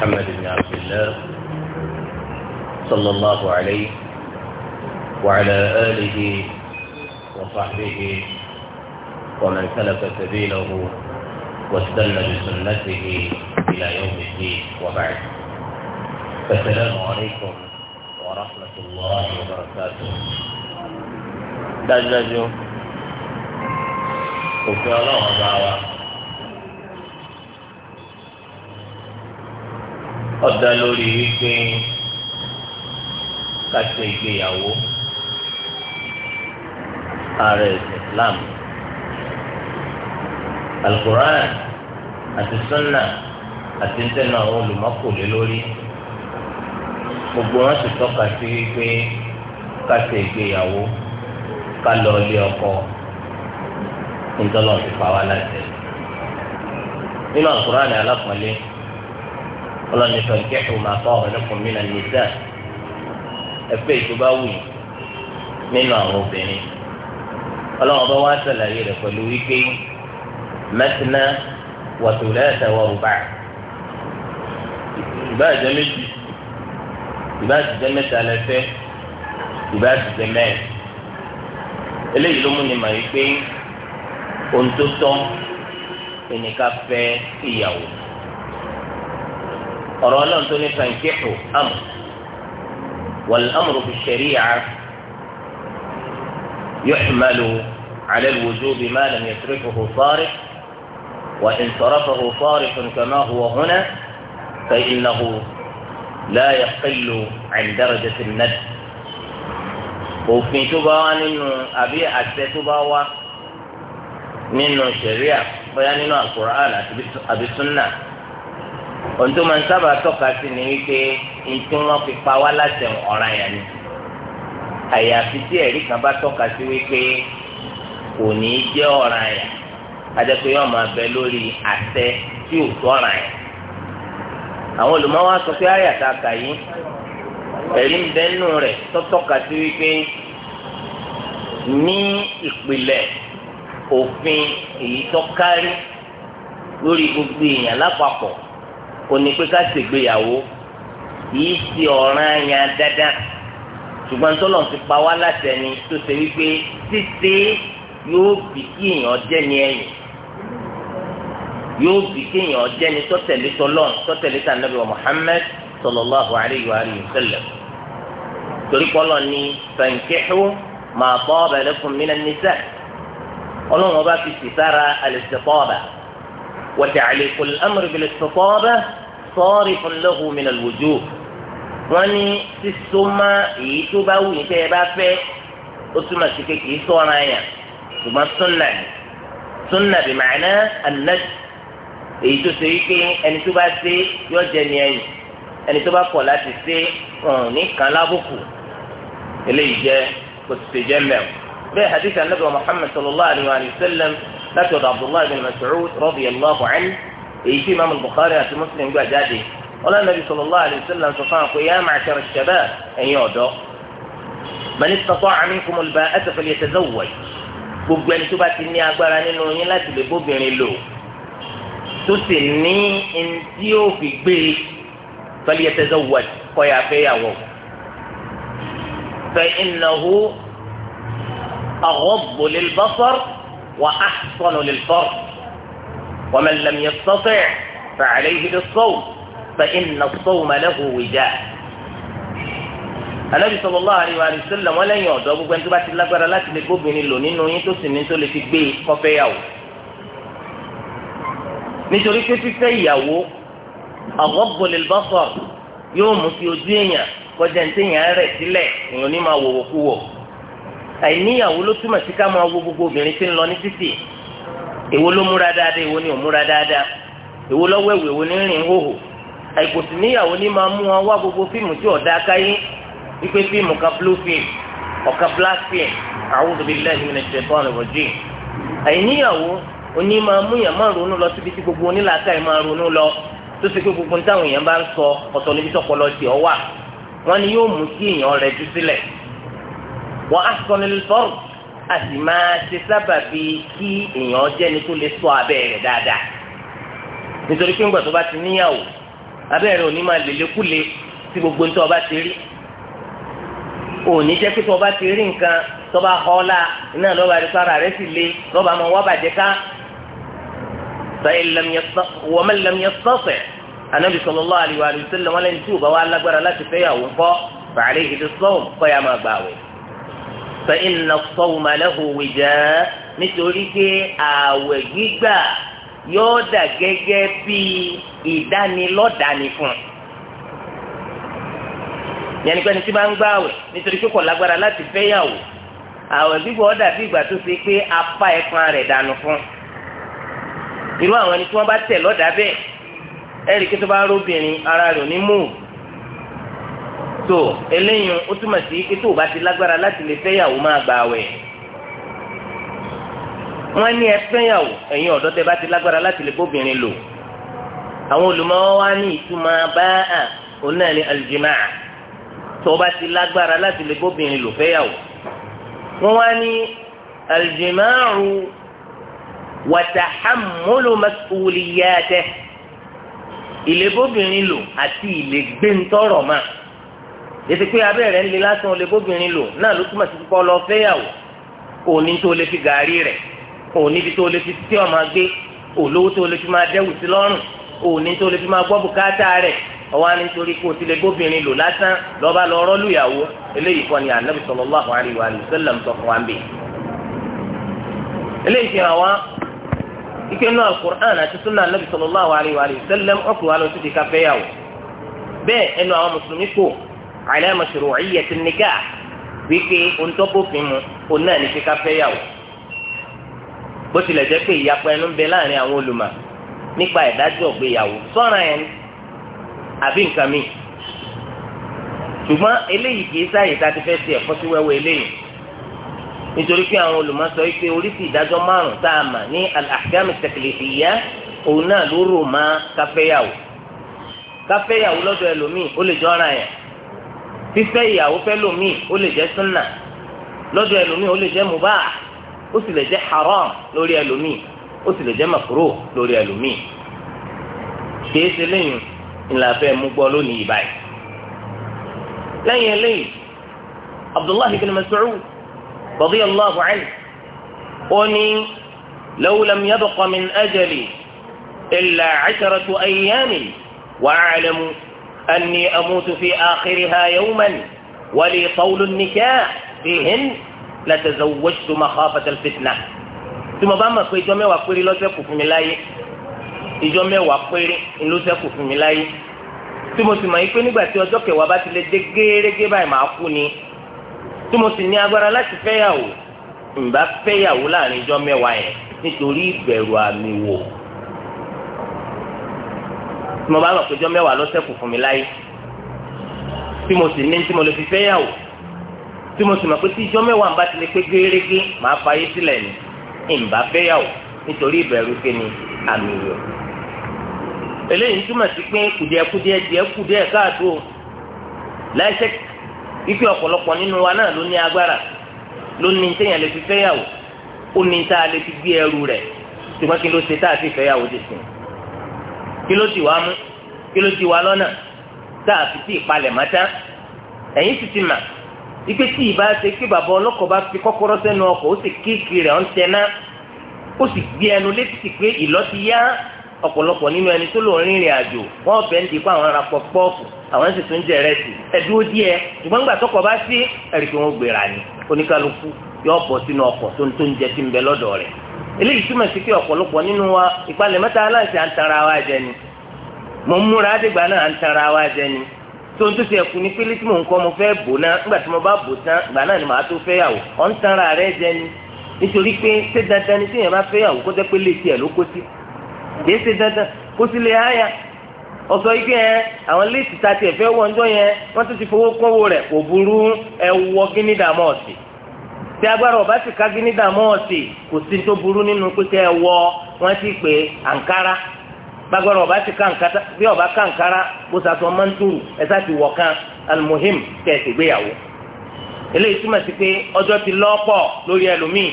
محمد بن عبد الله صلى الله عليه وعلى آله وصحبه ومن سلك سبيله واستنى بسنته إلى يوم الدين وبعد فالسلام عليكم ورحمة الله وبركاته dájúdájú òfin ọlọ́run bá wa ọ̀dà lórí wípé kàtẹ́ ìgbéyàwó ààrẹ Islam alukoran àti sunna àti ntẹ́nu àwọn olùmọ́kòlé lórí gbogbo wọn sì tọ́ka sí wípé kàtẹ́ ìgbéyàwó ká lọ ọkọ ntọ́lọ́ ti pa nínú alukoran alápọ̀lé ọlọ́ni sọ ìkẹ́kọ̀ọ́ máa tọ́ ọ̀rẹ́lẹ́kùn mi náà nìjà ẹgbẹ́ ìtọ́ba wù yìí nínú àwọn obìnrin ọlọ́wọ́n bá wá sàlàyé rẹ̀ pẹ̀lú wípé mẹ́tìnà wàtòlẹ́ẹ̀tà wà rúbà ìbá àjẹ́ méjì ìbá àjẹ́ mẹ́ta lẹ́fẹ́ ìbá àjẹ́ mẹ́rin eléyìí ló mú ni mà yí ohun tó tọ́ ẹnìkan fẹ́ ìyàwó. ọ̀rọ̀ ọlọ́run tó ní fankihu amr wal amru fi shari'a yuhmalu ala al-wujubi ma lam yasrifuhu sarif wa in sarafahu sarifun kama huwa huna fa innahu la yaqillu 'an darajati an-nadb òfin tó bá wá nínú àbí àṣẹ tó bá wá nínú sharia bóyá nínú al-Qur'an àti àbí sunnah. ohun tó máa ń sábà tọ́ka sí ni wípé ntí wọ́n fi pa wá láti ọ̀ràn yẹn ni àyàfi tí ẹ̀rí kan bá tọ́ka sí wípé kò ní í jẹ́ ọ̀ràn yẹn adẹ́pẹ́ yóò máa bẹ lórí àṣẹ tí ò tọ́ràn yẹn àwọn olùmọ́wá sọ pé àyàtà kà yìí ẹ̀rí ń bẹ nù rẹ̀ tọ́tọ́ka sí wípé ní ìpìlẹ̀ òfin èyí tó kárí lórí gbogbo èèyàn lápapọ̀ òní pé ká ṣègbéyàwó yìí ti ọ̀ràn yẹn dáadáa ṣùgbọ́n tọ́lọ̀ ti pa wá láti ẹni tó ṣe wípé títí yóò bì kí èèyàn jẹ́ni ẹ̀yìn yóò bì kí èèyàn jẹ́ni tọ́tẹ̀lé tọ́lọ́n tọ́tẹ̀lé tànàbí wa Muhammad sallallahu alayhi wa alihi wa sallam torí kọ́lọ̀ ni fankihu ma taba lakum minan nisa ọlọ́run ọba fi sì sára al-istitaba wa ta'liqu al-amru bil-istitaba sarifun lahu min al-wujuh wọ́n ní sísọ má èyí tó bá wù ní tẹ́ ẹ bá fẹ́ ó túmọ̀ sí pé kì í sọ̀rọ̀ àyàn ṣùgbọ́n súnà ni súnà bí màánà ànájì èyí tó ṣe wípé ẹni tó bá ṣe yọ jẹ ní ẹ̀yìn ẹni tó bá kọ̀ láti ṣe ọ̀hún ní kan lábùkù eléyìí jẹ kò sì ṣe jẹ mẹ́wọ̀. bẹ́ẹ̀ hadith anabi muhammad sallallahu alayhi wa sallam láti ọ̀dọ̀ abdullahi bin mas'ud radiyallahu anhu èyí tí imaamu bukhari àti muslim gbà jáde wọn lọ́nà nabi sallallahu alayhi wa sallam sọ fún akpé ya ma'shar ash-shabab ẹ̀yin ọ̀dọ́ man istata'a minkum al-ba'ata falyatazawwaj gbogbo ẹni tó bá ti ní agbára nínú yín láti lè bóbìnrin lò tó sì ní ntí ó fi gbé e, falyatazawwaj kó yá fẹ́yàwó fa innahu aghaddu lil-basar wa ahsanu lil ومن لم يستطع فعليه بالصوم فإن الصوم له وجاء anabi sallallahu alaihi wa sallam wọn lẹ́yìn ọ̀dọ́ gbogbo ẹni tó bá ti lágbára láti lè gbóbìnrin lò nínú yín tó sì ní tó lè fi gbé kọfẹ yàwó nítorí pé fífẹ́ ìyàwó aghaddu lil basar yóò mú kí ojú èèyàn kọjá ní téèyàn rẹ̀ sílẹ̀ èèyàn ní máa wòwò kú wò àìníyàwó ló túmọ̀ sí ká máa wo gbogbo obìnrin tí ń lọ ní títì èwo ló múra dáadáa èwo ni ò múra dáadáa èwo lọ́wọ́ ẹ̀wò èwo ní rìn hóhò àìkò sì níyàwó ní máa mú wọn wá gbogbo fíìmù tí ọ̀dà káyé wípé fíìmù kan blue film ọ̀kan black film a'udhu billahi minash shaitanir rajim àìníyàwó oní máa mú yàn máa ronú lọ síbi tí gbogbo onílàákà yìí máa ronú lọ tó ṣe pé gbogbo táwọn èèyàn bá ń sọ ọ̀tọ̀ níbi tó pọlọ tiẹ̀ wà wọn ni yóò mú kí èèyàn rẹ̀ jù sílẹ̀ wọ́n á sọ nílùú a sì máa ṣe sábàbí kí èèyàn jẹ́ni tó lè sọ abẹ́ rẹ̀ dáadáa nítorí pé ńgbà tó bá ti níyàwó abẹ́ rẹ̀ ò ní máa lè lékúle tí gbogbo ń tọ́ ọba ti rí òní jẹ́ pé tó ọba ti rí nǹkan tó bá họ́lá iná lọ́ba rẹ̀ sára rẹ̀ sì le lọ́ba máa wá bàjẹ́ ká wa man lam yastati' anabi sallallahu alaihi wa wọn lẹ́ni tí ò bá wà lágbára láti fẹ́yàwó ńkọ́ fa alayhi bis kọ́ ya máa gbààwẹ̀ fa inna as-sawma lahu wija' nítorí pé ààwẹ̀ gbígbà yóò dà gẹ́gẹ́ bí ìdánilọ́dàní fún un yẹnni pé ní tí bá ń gbààwẹ̀ nítorí pé kò lágbára láti fẹ́yàwó àwẹ̀ gbígbọ́ ọ̀dà bí ìgbà tó ṣe pé apá ẹ̀kan rẹ̀ dànù fún irú àwọn ẹni tí wọ́n bá tẹ̀ lọ́dà bẹ́ẹ̀ ẹ̀rí kí tó bá róbìnrin ara rẹ̀ ò ní mú tó eléyìí ó túmọ̀ sí pé tó o bá ti lágbára láti lè fẹ́yàwó máa gbà wẹ̀ wọ́n ní ẹ fẹ́yàwó ẹ̀yin ọ̀dọ́ tẹ bá ti lágbára láti lè bóbìnrin lò àwọn olùmọ̀ọ́ wá ní ìtumọ̀ bá à aljima tó bá ti lágbára láti lè bóbìnrin lò fẹ́yàwó wọ́n wá ní aljima ru wàtàhámúlò masuuliyàtẹ ìlébóbìnrin lò àti ìlẹgbẹ́ntọ́rọ̀ máa ètò pé abẹ́rẹ́ ńlẹ̀ lásán olè bóbìnrin lò náà ló túmọ̀ sí pípọ́ lọ fẹ́yàwó òní tó lè fi gàárì rẹ̀ òní tó lè fi tí ọmọ gbé olówó tó lè fi máa dẹ́wù sí lọ́rùn òní tó lè fi máa gbọ́ bùkátà rẹ̀ ọwọ́ á ní torí kó tilẹ̀ bóbìnrin lò lásán lọ́ba lọ rọ́ọ̀lù ìyàwó eléyìí kọ́ni ànábì sallallahu alaihi wa sallam sọ fún wa ń bè. eléyìí fi hàn wá ike nínú sallallahu alaihi wa sallam ọkùnrin wa lọ sí ti ká fẹ́yàwó ala mashru'iyyati nikah wípé ohun tó bófin mu òun náà ní kíká fẹ́yàwó bó tilẹ̀ jẹ́ pé ìyapa ẹnu ń bẹ láàrin àwọn olùmọ̀ nípa ìdájọ́ ìgbéyàwó sọ́ràn ẹni àbí nǹkan mi ṣùgbọ́n eléyìí kì í sáyè tá a ti fẹ́ ti ẹ̀kọ́ sí wẹ́wẹ́ eléyìí nítorí pé àwọn olùmọ̀ sọ pé oríṣi ìdájọ́ márùn tá a mà ní al-ahkam at òun náà ló rò má káfẹ́yàwó káfẹ́yàwó lọ́dọ̀ ẹlòmíì ó lè jọ́ra yẹn fífẹ́ ìyàwó fẹ́ lòmíì ó lè jẹ́ súnà lọ́dọ̀ ẹlòmíì ó lè jẹ́ mubah ó sì lè jẹ́ haram lórí ẹlòmíì ó sì lè jẹ́ makro lórí ẹlòmíì kìí ṣe lẹ́yìn ìlàfẹ́ mú gbọ́ lónìí báyìí lẹ́yìn eléyìí abdullahi bin mas'ud radiyallahu anhu ó ní law yabqa min ajali illa 'asharatu ayyamin wa a'lamu. أني أموت في آخرها يوما ولي طول النكاح فيهن لتزوجت مخافة الفتنة tí mo bá mọ̀ pé ìjọ mẹ́wàá péré ló ṣẹ́kù fún péré ló ṣẹ́kù fún mi láyé tí mo sì mọ̀ pé nígbà tí ọjọ́ kẹwàá bá ti lè dé gẹ́rẹ́gẹ́ báyìí màá kú ni tí mo sì ní agbára láti fẹ́yàwó ǹbá fẹ́yàwó láàrin ìjọ mẹ́wàá yẹn nítorí ìbẹ̀rù àmì wò tí mo bá lọ péjọ mẹ́wàá lọ́sẹ̀kù fún mi láyé tí mo sì ní tí mo lè fi fẹ́ yàwó tí mo sì mọ̀ pé tí ìjọ mẹ́wàá bá ti lè pé gérégé màá fayé sílẹ̀ ni ìmbá fẹ́ yàwó nítorí ìbẹ̀rù pé ni àmì yọ. eléyìí túmọ̀ sí pé kùdìẹ̀kùdìẹ̀ díẹ̀ kùdìẹ̀ káàtó láìsẹ̀ ike ọ̀pọ̀lọpọ̀ nínú wa náà ló ní agbára ló ní téèyàn lè fi fẹ́ yàwó ó ní tá a lè fi gbé ẹrù rẹ̀ ṣùgbọ́n kí ló ṣe tá a fi fẹ́ yàwó dé sí i kí ló ti wá mú kí ló ti wá lọ́nà tá a fi tí ìpalẹ̀ má tán ẹ̀yìn sì ti mà ike tí ì bá ṣe kí bàbá ọlọ́kọ̀ bá fi kọ́kọ́rọ́ sẹ́nu ọkọ̀ ó sì kéèkì rẹ̀ ọ̀n tẹ náà ó sì gbé ẹnu létí pé ìlọ́ ti yá ọ̀pọ̀lọpọ̀ nínú ẹni tó lò ń rìnrìn àjò wọ́n fẹ́ ń dikú àwọn ará pọ̀pọ́ọ̀fù àwọn sì tún jẹ rẹ́sì ẹ̀dúró díẹ̀ ṣùgbọ́n nígbà tọkọ̀ bá sí ẹ̀rì pé wọ́n gbéra ni oníkálukú yóò bọ̀ sínú ọkọ̀ tó ń tó ń jẹ sí ń bẹ lọ́dọ̀ rẹ̀ eléyìí túmọ̀ sí pé ọ̀pọ̀lọpọ̀ nínú wa ìpalẹ̀ mẹ́ta aláǹsì à ń tara wa jẹ ni mo ń múra àdìgbà náà à ń wa jẹ ni tó ń tó ẹ̀kú pélé tí mò ń kọ́ mo fẹ́ bò náà nígbà tí mo bá bò tán ìgbà náà ni màá tó fẹ́ yàwó ọ̀ ń rẹ jẹ ni nítorí pé ṣé dandan ni bá fẹ́ yàwó kó jẹ́ ike yẹn àwọn léètì tá a tiẹ̀ fẹ́ wọ́njọ́ yẹn wọ́n tún ti fowó kọ́wó rẹ̀ kò burú tí agbára ọba ti kági ní dààmú ọ̀sì kò sí tó burú nínú pípẹ́ wọ wọ́n ti pè àǹkárá ọba ti ká nkata bí ọba ká nkara bó sasọ mọ́ntúrù ẹ̀sà ti wọ̀ kan alimuhim kẹ̀sì ti lórí ẹlòmíì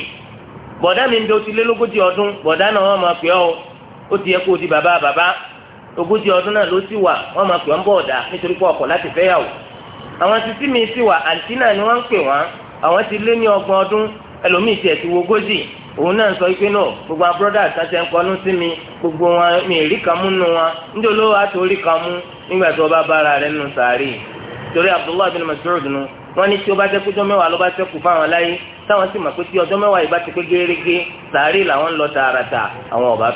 bọ̀dá mi ń do ti lé lógójì ọdún bọ̀dá náà wọ́n máa pè ọ́ ó ti yẹ kó o di bàbá bàbá ogójì ọdún náà ló wà wọ́n máa pè ọ́ ń bọ̀ ọ̀dà nítorí pé ọkọ̀ àwọn ti lé ní ọgbọ̀n ọdún ẹlòmíì tiẹ̀ ti wo gójì òun náà sọ pé náà gbogbo abúrọ́dà àtàtẹ̀ ń kọnú sí mi gbogbo wọn mi rí kan mú nù wọn níjẹ́ olówó àtòrí kan mú nígbà tí wọ́n bá bára rẹ̀ nù sàárì torí Abdullahi bin Mas'ud nù wọ́n ní tí ó bá jẹ́ mẹ́wàá ló bá fáwọn táwọn sì mọ̀ pé tí ọjọ́ mẹ́wàá yìí bá ti pé gẹ́rẹ́gẹ́ sàárì làwọn ń lọ tààràtà àwọn ọba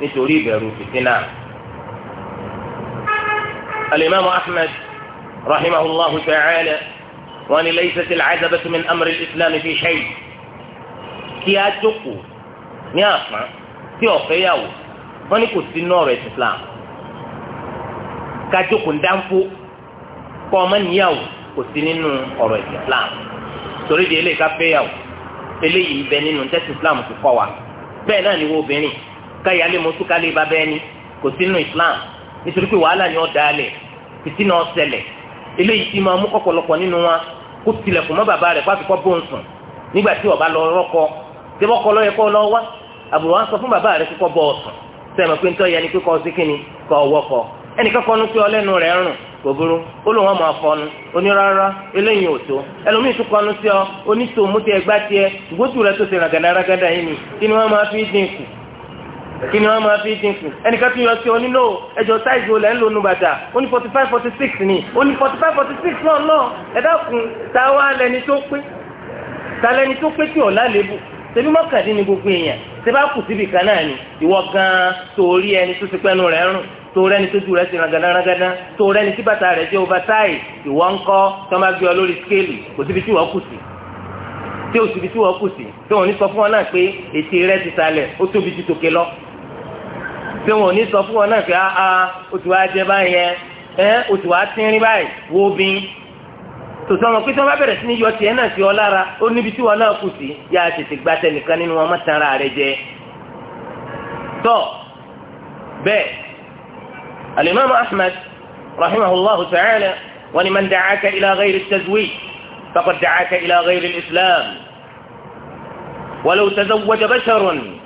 nítorí ìbẹ̀rù fìtínà. wọ́n ní lẹ́yìn sẹ́sẹ́ làájàbẹ́ tó mi ní amúrí islam fi ṣe yìí kí a jókòó ní àfán tí ọ̀fẹ́ yàwó wọ́n ní kò sí nọ́ọ̀rọ̀ ẹ̀sìn islam ká jókòó ń dáńfó kọ́ ọmọ níyàwó kò sí nínú ọ̀rọ̀ islam torí di eléyìí ká fẹ́ yàwó eléyìí bẹ nínú tẹ́sí islam ti kọ́ wa bẹ́ẹ̀ náà ni wo obìnrin ká yálé mọ́tò ká bá bẹ́ẹ̀ ni kò sí nínú islam nítorí pé wàhálà ni ọ̀ dálẹ̀ fìtínà ọ̀sẹ̀lẹ̀ eléyìí ti máa mú ọ̀pọ̀lọpọ̀ nínú wa kó tilẹ̀kùn mọ́ bàbá rẹ̀ pàṣípọ̀ bó ń sùn nígbà tí ọba lọ rọ́kọ tẹ́bọ́kọ lọ́yẹ kọ́ lọ àbúrò wa ń sọ fún bàbá rẹ̀ kíkọ́ bọ́ ọ̀sùn sẹ́mi pé ń tọ́ yẹni kíkọ́ sí kíni kọ́ wọ́kọ́ ẹnìkan kọ́nu pé ọlẹ́nu rẹ̀ rùn kò burú ó lóun ọmọ afọnu onírárá eléyìí òtó ẹlòmíín tún kọ́nu sí ọ onítòmútẹ ẹgbá tiẹ ìgbótù rẹ tó ṣe ràgàdàràgàdà yìí ni kí ni wọ́n máa fi dín kù kí ni wọ́n máa fi dínkù ẹnìkan tún yọ sí onílò ẹjọ́ sáìzì olè ńlò nù bàtà ó ní forty five forty six ni ó ní forty five forty six náà náà ẹ̀dá kun ta wá lẹni tó pé ta lẹni tó pé tí ò lálébù ṣebí mọ́kàndín ni gbogbo èèyàn ṣe bá kù síbi kan náà ni ìwọ gan-an torí ẹni tó ti pẹ́nu rẹ̀ rùn torí ẹni tójú rẹ̀ ti rangadarangada torí ẹni tí bàtà rẹ̀ jẹ́ ovatáì ìwọ ńkọ́ tí wọ́n bá gbé ọ lórí skéèlì kò síbi tí wọ́n kù sí tí ò síbi tí wọ́n kù sí tí wọ́n ní sọ fún ọ náà pé ètè rẹ̀ ti sálẹ̀ ó tóbi ti tòkè lọ tí wọn ò ní sọ fún wọn náà pé á o ti wá jẹ báyìí yẹn ẹ o ti wá tínrín báyìí wo bí tòtò ọmọ pé tí wọn bá bẹ̀rẹ̀ sí ní yọ tiẹ̀ náà sí ọ lára ó níbi tí wọn náà kù sí yá a tètè gba tẹnìkan nínú wọn mọ́tàn ara rẹ jẹ tọ bẹ́ẹ̀ alimami ahmed rahimahullahu ta'ala wọn ni ma man da'aka ila ghayri at-tazwij faqad da'aka ila ghayri al-islam walau tazawwaja basharun.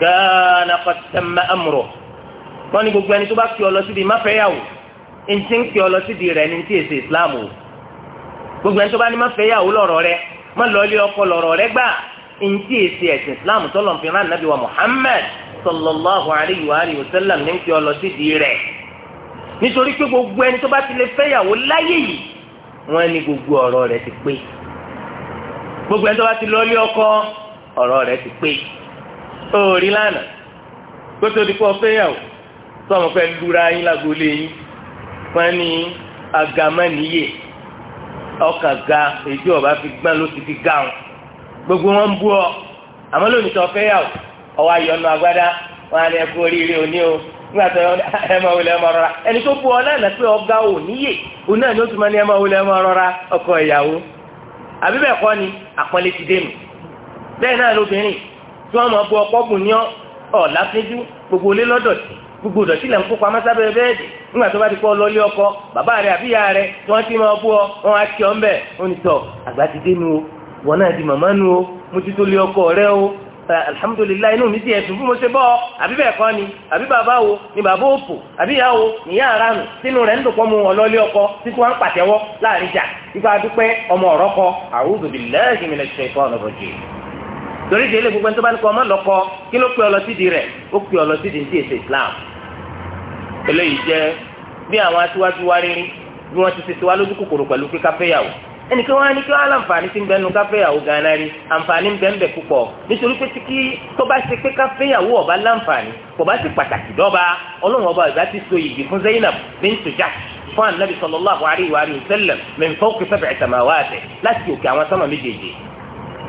kana qad tamma amruhu ni ní gbogbo ẹni tó bá kí ọ lọ síbi máfẹ́yàwó ntí ń kí ọ lọ síbi rẹ̀ ní ti èsè islam o gbogbo ẹni tó bá ní máfẹ́yàwó lọ́rọ̀ rẹ má lọ ilé ọkọ lọ́rọ̀ gbà ntí èsè ẹ̀sìn islam tọ́lọ̀ fi rán nàbí wa muhammad sallallahu alayhi wa alihi wa sallam ní ń kí ọ lọ síbi rẹ̀ nítorí pé gbogbo ẹni tó bá ti lè fẹ́yàwó láyé yìí wọ́n ní gbogbo ọ̀rọ̀ rẹ̀ ti pé gbogbo ẹni tó bá ti lọ ilé òòrí lánàá kótó dikọ fẹyàwó sọmọ fẹ lura yín lágolé yín wọn ní agamániyè ọkàn ga èdè ọba fi gbọ́n ló ti fi ga wọn gbogbo wọn bú ọ àmọ́ lónìí tó fẹyàwó agbada wọn á ní ẹkú oríire òní o nígbà tó ẹ máa wọlé ẹ máa rọra ẹni tó bú ọ lánàá pé níyè òun náà ni ó tún máa ní ẹ máa wọlé ẹ máa rọra ọkọ ìyàwó ni ti dé náà tí wọ́n máa bu ọkọ́ bù ní ọ̀ láfíjú gbogbo olé lọ́dọ̀tì gbogbo ìdọ̀tí lẹ̀ ń kópa mọ́sábẹ́ bẹ́ẹ̀dì nígbà tó bá ti kọ́ lọ lé ọkọ bàbá rẹ àbíyá rẹ tí wọ́n ti ọ wọn á kí ọ ń bẹ̀ ó o wọn náà di o mo ọkọ rẹ o alhamdulilayi inú mi ti fún mo ṣe ni àbí bàbá ni bàbá òpò àbí ìyá wo ni ìyá ara nù sínú ọkọ títí torí délé gbogbo ẹni tó bá ní kọ ọmọ lọkọ kí ló pè ọ rẹ ó pè ọ ti èsè Islam eléyìí jẹ bí àwọn aṣíwájú wa rírí bí wọn ti ṣe ti wá lójú kòkòrò pẹ̀lú pé káfẹ́yàwó ẹnìkan wá ní kí wọn á láǹfààní tí ń bẹnu káfẹ́yàwó gan-an rí àǹfààní ń bẹ́ẹ̀ bẹ̀ púpọ̀ nítorí pé kí tó bá ṣe pé káfẹ́yàwó ọba láǹfààní kò bá sì pàtàkì dọ́ba ọlọ́run ọba ìgbà ti so yìgì fún Zainab bintu Jahsh fún anabi sallallahu alayhi wa sallam min fawqi sab'i samawati láti òkè àwọn sọ́mọ méjèèjì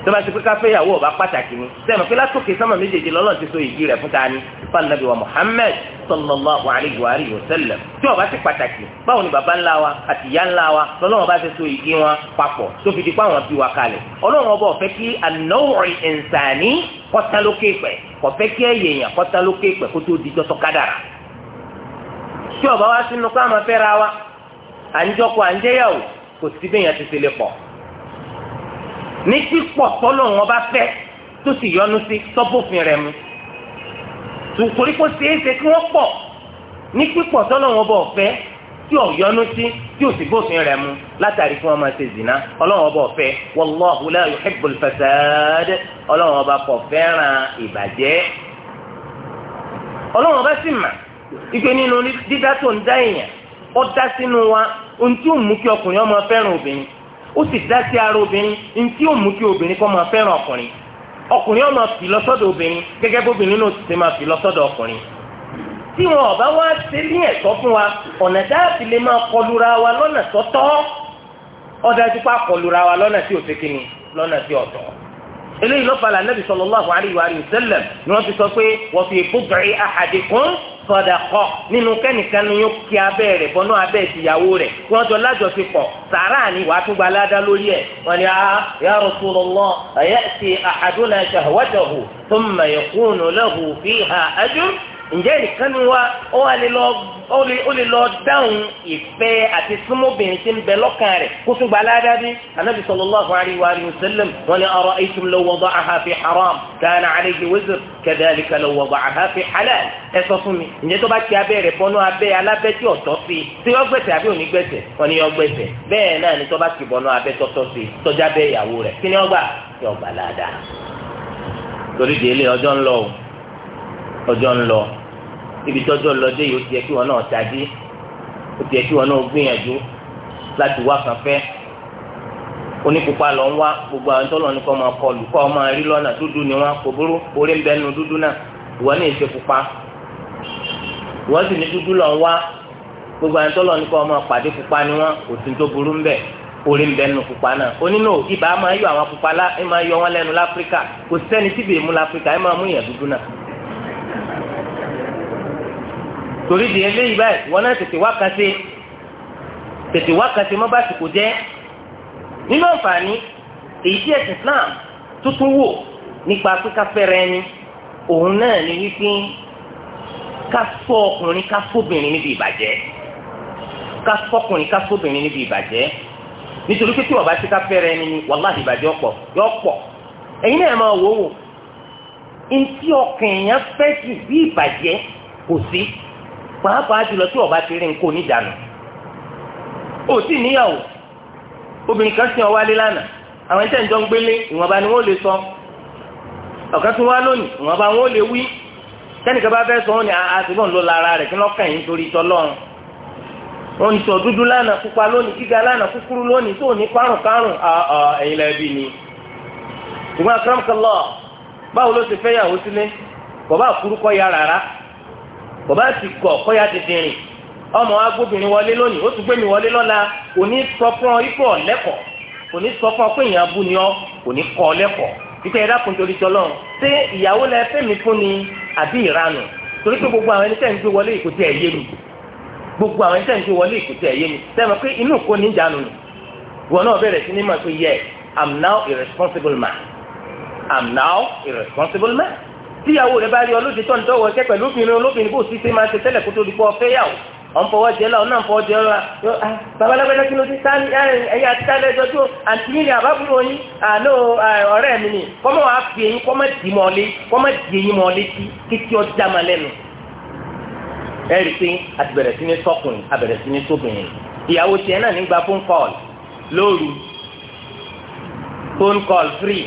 tó bá ti pé káfẹ́ ìyàwó ọba pàtàkì ni sẹ́mi pé látòkè sọ́mọ méjèèjì lọ́lọ́run ti so ìdí rẹ̀ fún ta ni fanabi wa Muhammad sallallahu alayhi wa alihi wa sallam tí ọba ti pàtàkì báwo ni baba ńlá wa àti ìyá ńlá wa lọ́lọ́run bá ti so ìdí wọn papọ̀ tó fi di pa àwọn bí wa kalẹ̀ ọlọ́run ọba ọ̀fẹ́ kí an-naw'ul insani kọ́tà lókè kí ẹ̀yẹ̀yàn kọ́tà kó tó di jọ́tọ̀ kádàrà tí ọba wa sínú káàmọ́ fẹ́ra wa à ń kò sí ti ṣe lè pọ̀ ní pípọ̀ tọ́lọ̀ wọn bá fẹ́ tó sì yọnu sí tọ́bófin rẹ̀ mu tòkòrí kó ṣeé ṣe kí wọ́n pọ̀ ní pípọ̀ tọ́lọ̀ wọn bọ̀ fẹ́ tí ò yọnu sí tí ò sì bófin rẹ̀ mu látàrí kí wọ́n máa ṣe zina ọlọ́run ọba ọ̀fẹ́ wallahu la yuhibbul fasad ọlọ́run ọba kò fẹ́ràn ìbàjẹ́ ọlọ́run ọba sì mà ike nínú dídá tó ń dá èèyàn ó dá sínú wa ohun tí ó mú kí ọkùnrin ọmọ fẹ́ràn obìnrin ó sì dá sí ara obìnrin ní tí ó mú kí obìnrin kọ́ máa fẹ́ràn ọkùnrin ọkùnrin ọmọ fi lọ sọ́dọ̀ obìnrin gẹ́gẹ́ bóbìnrin náà ti máa fi lọ sọ́dọ̀ ọkùnrin tí wọn ọba wá ṣe ní ẹ̀tọ́ fún wa ọ̀nà tá a fi lè máa kọlura wa lọ́nà tọ́tọ́ ọ̀dà tí pa kọlura wa lọ́nà tí ò ṣe kíni lọ́nà tí ọ̀tọ̀ eléyìí lọ́pàá lànà bí sallallahu alaihi wa sallam ni wọ́n ti sọ pé wa fi bud'i ahadikum sọdakọ nínú kẹ́nìkan ni yóò kí abẹ́ rẹ̀ bọ́nú abẹ́ ìtìyàwó rẹ̀ wọ́n jọ lájọṣepọ̀ sàrà ni wàá tún gba aládá lórí ẹ̀ wọ́n ní aa yàrá lọ ti ya Rasulullah ayati ahaduna shahwatahu thumma yakunu fi fiha ajr ǹjẹ́ ìkànnì wa ó lè lọ dáhùn ìfẹ́ àti súnmọ́bìnrin tí ń bẹ lọ́kàn rẹ̀ kó tún gba aládàbí anábì sallallahu alaihi wa sallam wọn ni ara'aytum law wada'aha fi haram kana alayhi wizr kadhalika law wada'aha fi halal ẹ sọ fún mi ǹjẹ́ tó bá ti abẹ́rẹ́ bọ́nú abẹ́ alábẹ́ tí ọ̀tọ́ sí tí yọ gbẹ̀sẹ̀ àbí òní gbẹ̀sẹ̀ wọn ni yọ gbẹ̀sẹ̀ bẹ́ẹ̀ náà ni ọjọ́ ń lọ ibi tọ́jọ́ lọ dé yìí ó ti yẹ kí wọn náà tají ó ti yẹ kí wọn náà gbìyànjú láti wá kan fẹ́ onípupa lọ ń wá gbogbo àwọn tọ́lọ̀ ní kọ́ máa kọ lùkọ́ máa rí lọ́nà dúdú ni wọ́n kò burú orí ń bẹ́ nu dúdú náà ìwọ ní ìṣe pupa ìwọ sì ní dúdú lọ ń wá gbogbo àwọn tọ́lọ̀ ní kọ́ máa pàdé pupa ni wọ́n kò sí tó burú ń bẹ̀ orí ń bẹ́ nu pupa náà onínú ibà máa yọ àwọn pupa lá ẹ máa yọ wọn lẹ́nu láfíríkà kò sẹ́ni tíbi ìmú láfíríkà ẹ máa mú ìyẹn dúdú náà torí di eléyìí báyìí wọn náà tètè wá kan sí tètè wá kan sí mọ́ bá sìkò jẹ́ nínú àǹfààní èyí tí ẹ̀sìn Islam tuntun wò nípa pípa fẹ́rẹ̀ ẹni òun náà ni wípé ká fọ́ ọkùnrin ká fóbìnrin níbi ìbàjẹ́ ká fọ́kùnrin ká fóbìnrin níbi ìbàjẹ́ nítorí pé tí wọn bá ti ká fẹ́rẹ̀ ẹni ni wàláhì ìbàjẹ́ ọ̀pọ̀ yọ pọ̀ ẹ̀yin náà máa wò ó wò ntí ọkàn èèyàn fẹ́ jù bí ìbàjẹ́ kò sí pàápàá jùlọ tí ọba ti rí nǹkó níjànú ò tí níyàwó obìnrin kan ọ wálé lánàá àwọn ń gbélé ni lè sọ ọ̀kan tún wá lónìí wọn lè wí sẹ́nìkan bá fẹ́ sọ wọn ni àtìbọ̀n ló la ara rẹ̀ kí lọ́kàn yín torí wọn ní sọ dúdú lánàá pupa lónìí gíga lánàá ni báwo ló ti fẹ́ yàwó sílé ya rárá kò ti kọ̀ kọ́ tètè rìn ọmọ agbóbìnrin wọlé lónìí ó tún gbé mi wọlé lọ́la kò ní sọ fún ọ ipò ọ̀lẹ́kọ̀ọ́ kò ní sọ fún ọ pé èèyàn abú ọ kò ní kọ́ ọlẹ́kọ̀ọ́ ìpè ẹ̀dá kun torí tọ́lọ́ ṣé ìyàwó lẹ fẹ́ mi fún ni àbí ìranù torí pé gbogbo àwọn ẹni tẹ́ ń gbé wọlé ìkòtí ẹ̀ yé mi gbogbo àwọn ẹni tẹ́ ń gbé wọlé ìkòtí ẹ̀ yé mi sẹ́mi pé inú kò ní ìjánu nù wọn náà bẹ̀rẹ̀ sí ní mọ̀ pé yes I'm now a responsible man I'm now a responsible man tíyàwó rẹ bá rí ọlóde tó ń dọ́wọ́ ẹ̀kẹ́ pẹ̀lú obìnrin olóbìnrin bó sì ṣe máa ṣe tẹ́lẹ̀ kó tó di pọ̀ fẹ́yàwó ọ̀nfọwọ́ jẹ́ la ọ̀nà ọ̀fọwọ́ jẹ́ la ah, babalábẹ́lẹ́ kí ló ti tán ẹ̀yà títàlẹ̀ ẹjọ́jú àti mi ni àbábúrò yín àlọ́ ọ̀rẹ́ mi ni kọ́mọ́ wàá fi eyín kọ́mọ́ dì mọ́ lé kọ́mọ́ dì eyín mọ́ lé tí kékeré ọjà máa lẹ́nu. ẹ a ti bẹ̀rẹ̀ sí ní sọ́kùnrin a bẹ̀rẹ̀ sí ní sóbìnrin ìyàwó tiẹ̀ náà nígbà phone call lóru phone call free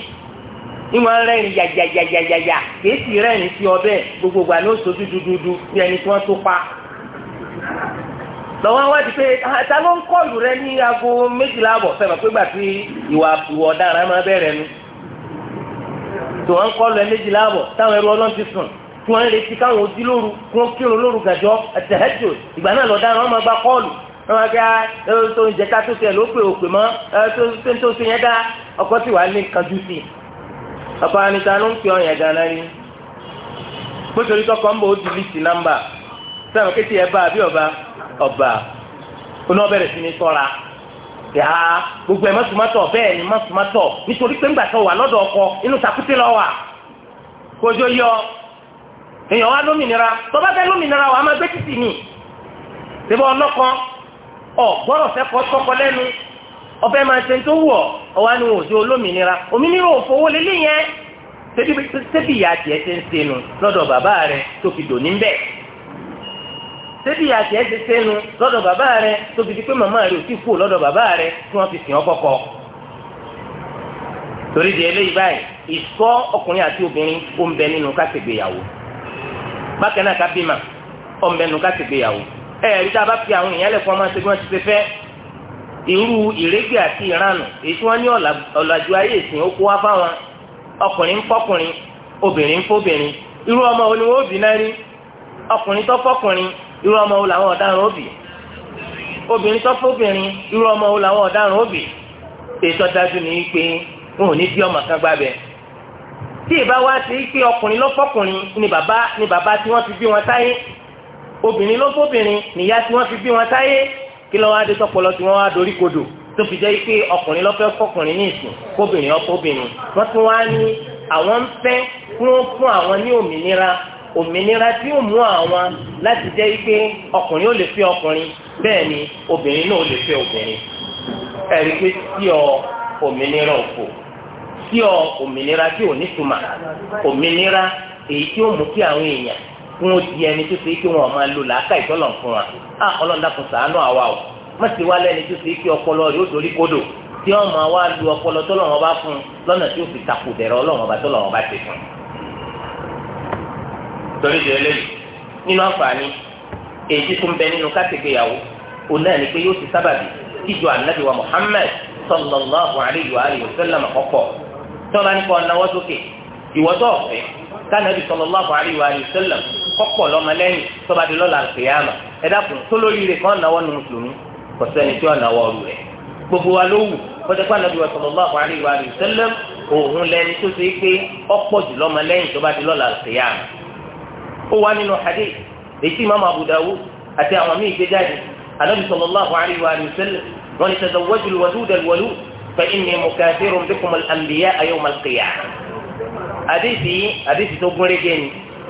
ní máa ń rẹ́rìn yàyàyàyàyà kìí sì rẹ́rìn sí ọbẹ̀ gbogbo ìgbà ní oṣù dúdúdúdú bí ẹni tí wọ́n tó pa. lọ́wọ́ wá di pé ah, ta ló ń kọlù rẹ ní aago méjìlá àbọ̀ fẹ́ràn pé gbà tí ìwà ìwà ọ̀daràn máa bẹ̀rẹ̀ nu. tó wọ́n ń kọlù ẹ méjìlá àbọ̀ táwọn ẹrú ọlọ́run ti sùn tí wọ́n ń retí káwọn ojú lóru kí wọ́n kírun lóru gàjọ́ àtẹ̀hẹ́jọ́ ìgbà náà lọ́daràn wọ́n máa gba kọlù wọ́n máa gbé ah, tó ń jẹta tó ṣe ló pè òpè mọ́ tó ń tó ṣe yẹn dá ọkọ tí wàá ní kanjú sí i. ọkọ ni ta ló ń pè ọ yẹn gan lẹ́yìn tọkọ ń bọ̀ ó dìlítì nọ́mbà sẹ́wọ̀n ọba ọba oní sí ni sọ́ra gbogbo ẹ̀ mọ́tòmátọ̀ bẹ́ẹ̀ ni mọ́tòmátọ̀ nítorí pé wà lọ́dọ̀ ọkọ inú sàkúté lọ wà kojú yọ èèyàn lómìnira lómìnira wà á gbé títì ọlọ́kọ gbọ́dọ̀ tọkọ lẹ́nu ọbẹ̀ máa ṣe tó wọ̀ ọwọ́ ni wọn ò sí olómìnira òmìnira ò fowó lélẹ̀ yẹn ṣebí ìyá tiẹ̀ ṣe ń senu lọ́dọ̀ bàbá rẹ̀ tó fi dò ní bẹ́ẹ̀ ṣebí ìyá tiẹ̀ ṣe senu lọ́dọ̀ bàbá rẹ̀ tó fi di pé màmá rẹ̀ ò tí kú lọ́dọ̀ bàbá rẹ̀ tí wọ́n fi sìn ọ́ kọ́kọ́ torí di eléyìí báyìí ìsọ ọkùnrin àti obìnrin ó ń bẹ nínú kásìgbéyàwó bákan náà ká bímà ó ń bẹ nínú kásìgbéyàwó ẹ̀ẹ́dí tá a bá fi àwọn èèyàn lẹ̀ ọmọ ṣe bí irú ìrégbè àti ìranù èyí tí wọ́n ní ọ̀làjú ayé ìsìn ó kó wá fáwọn ọkùnrin fọkùnrin obìnrin fóbìnrin irú ọmọ wo ni wọ́n bí náà rí ọkùnrin tó fọkùnrin irú ọmọ wo làwọn ọ̀daràn ó bí obìnrin tó fóbìnrin irú ọmọ wo làwọn ọ̀daràn ó bí ètò dájú ni pé wọn ò ní bí ọmọ kan gbábẹ tí ìbá wá sí pé ọkùnrin ló fọkùnrin ni bàbá ni bàbá tí wọ́n ti bí wọn táyé obìnrin ló fóbìnrin nìyá tí wọ́n ti bí wọn táyé kí lọ́wọ́ adé tọpọlọ tí wọ́n wá dorí kodò tó fi jẹ́ pé ọkùnrin lọ́fẹ́ fọkùnrin ní ìsìn kóbìnrin ọkọ́bìnrin wọ́n tún wá ní àwọn ń fẹ́ fún fún àwọn ní òmìnira òmìnira tí ó mú àwọn láti jẹ́ pé ọkùnrin ó lè fẹ́ ọkùnrin bẹ́ẹ̀ ni obìnrin náà ó lè fẹ́ obìnrin ẹ̀rí pé tí ọ òmìnira òfò tí ọ òmìnira tí ò ní tuma òmìnira èyí tí ó mú kí àwọn èèyàn fún ó di ẹni tó ṣe kí wọn máa lo làákà ìtọ́lọ̀ fún wa á ah, ọlọ́run dákun ṣàánú àwa o má ti wá lẹ́ni tó ṣe kí ọpọlọ rẹ̀ ó dorí kodò tí wọn máa wá lu ọpọlọ tọ́lọ̀ wọn bá fún un lọ́nà tí ó fi takò dẹ̀rọ ọlọ́run ọba tọ́lọ̀ wọn bá ti fún torí di eléyìí nínú àǹfààní èyí tó ń bẹ nínú kátìgbéyàwó òun náà ni pé yóò ti sábàbí kíjọ ànábì wa Muhammad sallallahu alayhi wa sallam ọkọ kọ́pọ̀ lọ́mọlẹ́yìn tó bá di lọ́la àlùkìyàmà ẹ dákun tó lórí rẹ̀ kàn náwó nu mùsùlùmí kò sẹ́ni tí ó náwó ọ̀rù rẹ̀ gbogbo wa ló wù kọ́tẹ́ kó anabi wa sallallahu alaihi wa sallam òun lẹni tó ṣe pé ọ̀pọ̀ jù lọ́mọlẹ́yìn tó bá di lọ́la àlùkìyàmà ó wá nínú hadith èyí imam abu dawud àti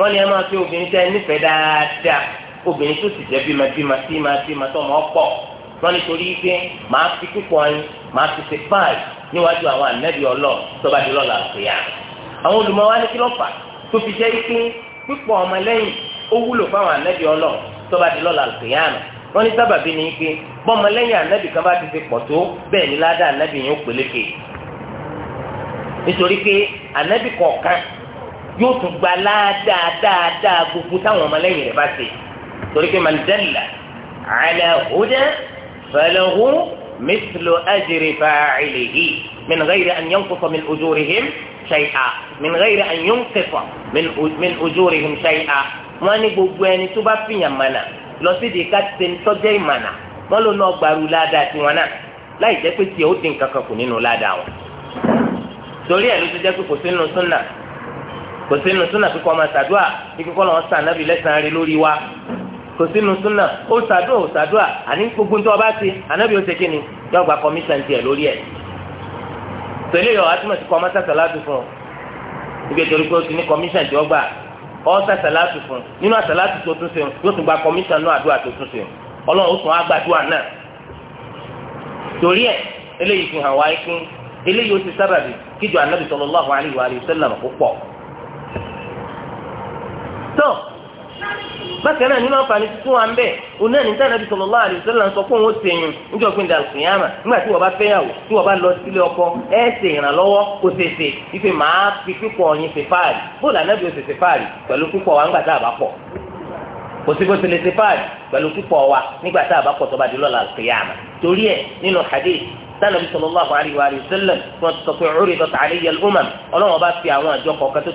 wọ́n ní ẹ máa fi obìnrin tẹ́ nífẹ̀ẹ́ dáadáa obìnrin tó sì jẹ́ bímọ bímọ síma síma tọmọ ọpọ wọ́n ní torí pé màá fi púpọ̀ yín màá fi ṣe báyìí níwájú àwọn ànábì ọlọ tọba di lọ́la àpèyà àwọn olùmọ̀ wa ní kí ló fà tó fi jẹ́ pé pípọ̀ ọmọlẹ́yìn ó wúlò fáwọn ànábì ọlọ tọba di lọ́la àpèyà wọ́n ní sábàbí ni pé bọ́mọlẹ́yìn ànábì kan bá ti ṣe pọ̀ tó bẹ́ẹ̀ ni ládàá ànábì yẹn ó peléke nítorí pé ànábì kọ̀ọ̀kan yóò tún gba láadáa dáadáa gbogbo táwọn ọmọlẹ́yìn rẹ̀ bá ṣe torí pé man dalla ala huda falahu mithlu ajri fa'ilihi min ghayri an yanqusa min ujurihim shay'a min ghayri an yanqusa min ujurihim shay'a wọ́n ní gbogbo ẹni tó bá fìyàn mọ̀nà lọ sí di ká ṣe ń tọ́jẹ́ ìmọ̀nà ló náà gbaru ládàá tiwọn náà láì jẹ́ pé tiẹ̀ ó dín kankan kù nínú ládàá wọn. torí ẹ̀ ló ti jẹ́ pé kò sínú súnà kò sínú súnà kíkọ́ ọmọ sàdúà kíkọ́ lọ́wọ́ sàn nábì lẹ́sàn-án rí lórí wa kò sínú súnà ó sàdúà ó sàdúà àní gbogbo tó ọba ti ànábì ó ṣe kí ni yọ gba kọmíṣán tiẹ̀ lórí ẹ̀ tẹ̀lé yọ àtúmọ̀ sí kọ́ ọmọ sàṣà láti fún ọ ibi ètò ìpè òsì ní kọmíṣán tí ó gbà ọ sàṣà láti fún nínú àṣà tó tún sèun yóò tún gba kọmíṣán náà àdúrà tó tún sèun ọlọ́run ó tún á gbàdúrà náà tó bákan náà nínú àǹfààní tuntun wa ń bẹ òun náà ní tànàbí sallallahu alaihi wasallam sọ fún òun ó sèyìn níjọ́ pé ndà kìyàmà nígbà tí wọ́n bá fẹ́yàwó tí wọ́n bá lọ sílé ọkọ ẹ ṣe ìrànlọ́wọ́ kò ṣèṣe ife màá fi pípọ̀ ọ̀yin ṣe fáàrí bóòlù ànábì ó ṣe ṣe pẹ̀lú wa nígbà tá a bá pọ̀ kò sí bó ṣe lè ṣe fáàrí pẹ̀lú pípọ̀ wa nígbà tá a bá pọ̀ tó bá sallallahu alayhi wa sallam wọn ti sọ pé bá fi àwọn àjọ kọ̀ọ̀kan tó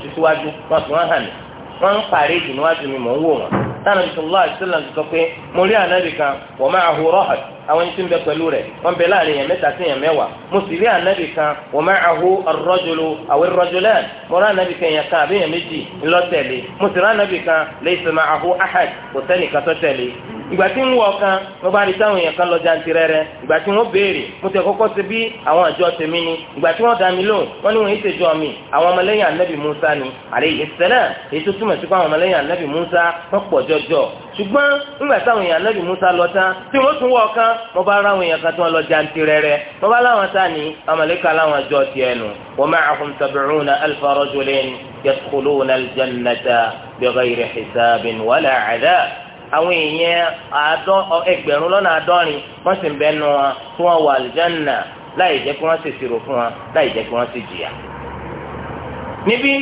wọ́n ń pàrí jù níwájú mi mò ń wò wọ́n tánà bisalòlá àdìsílà ti sọ pé mo rí ànábì kan wọ́n máa hu rọ́hàd àwọn ẹni tí ń bẹ pẹ̀lú rẹ̀ wọ́n bẹ láàrin yẹn mẹ́ta sí yẹn mẹ́wàá mo sì rí ànábì kan wọ́n máa hu rọ́jòló àwọn rọ́jòlán mo rí kan yẹn kan àbí yẹn méjì ńlọ tẹ̀lé mo sì kan lẹ́yìn sọ máa hu ahad kò sẹ́nìkan tó tẹ̀lé ìgbà tí ń wọ kan mo bá rí táwọn èèyàn kan lọ jantirẹrẹ ìgbà tí wọ́n béèrè mo tẹ kọ́kọ́ ṣe bí àwọn àjọ tèmi ni ìgbà tí wọ́n dá mi lóhùn wọ́n yìí ṣèjọ mi àwọn ọmọlẹ́yìn anabi musa ni alayhi salam èyí tó túmọ̀ sí pé àwọn ọmọlẹ́yìn anabi musa wọ́n pọ̀ jọjọ ṣùgbọ́n ńgbà táwọn èèyàn anabi musa lọ tán tí wọ́n tún wọ kan mo bá ráwọn èèyàn kan tí wọ́n lọ jantirẹrẹ mo bá láwọn ta ni amalẹ́ka láwọn àjọ àwọn èèyàn àádọ́ ẹgbẹ̀rún lọ́nà àádọ́rin wọ́n sì ń bẹ nu wọn tí wọ́n wà àlùjánnà láì jẹ́ kí wọ́n ṣèṣirò fún wọn láì jẹ́ kí wọ́n sì jìyà. níbí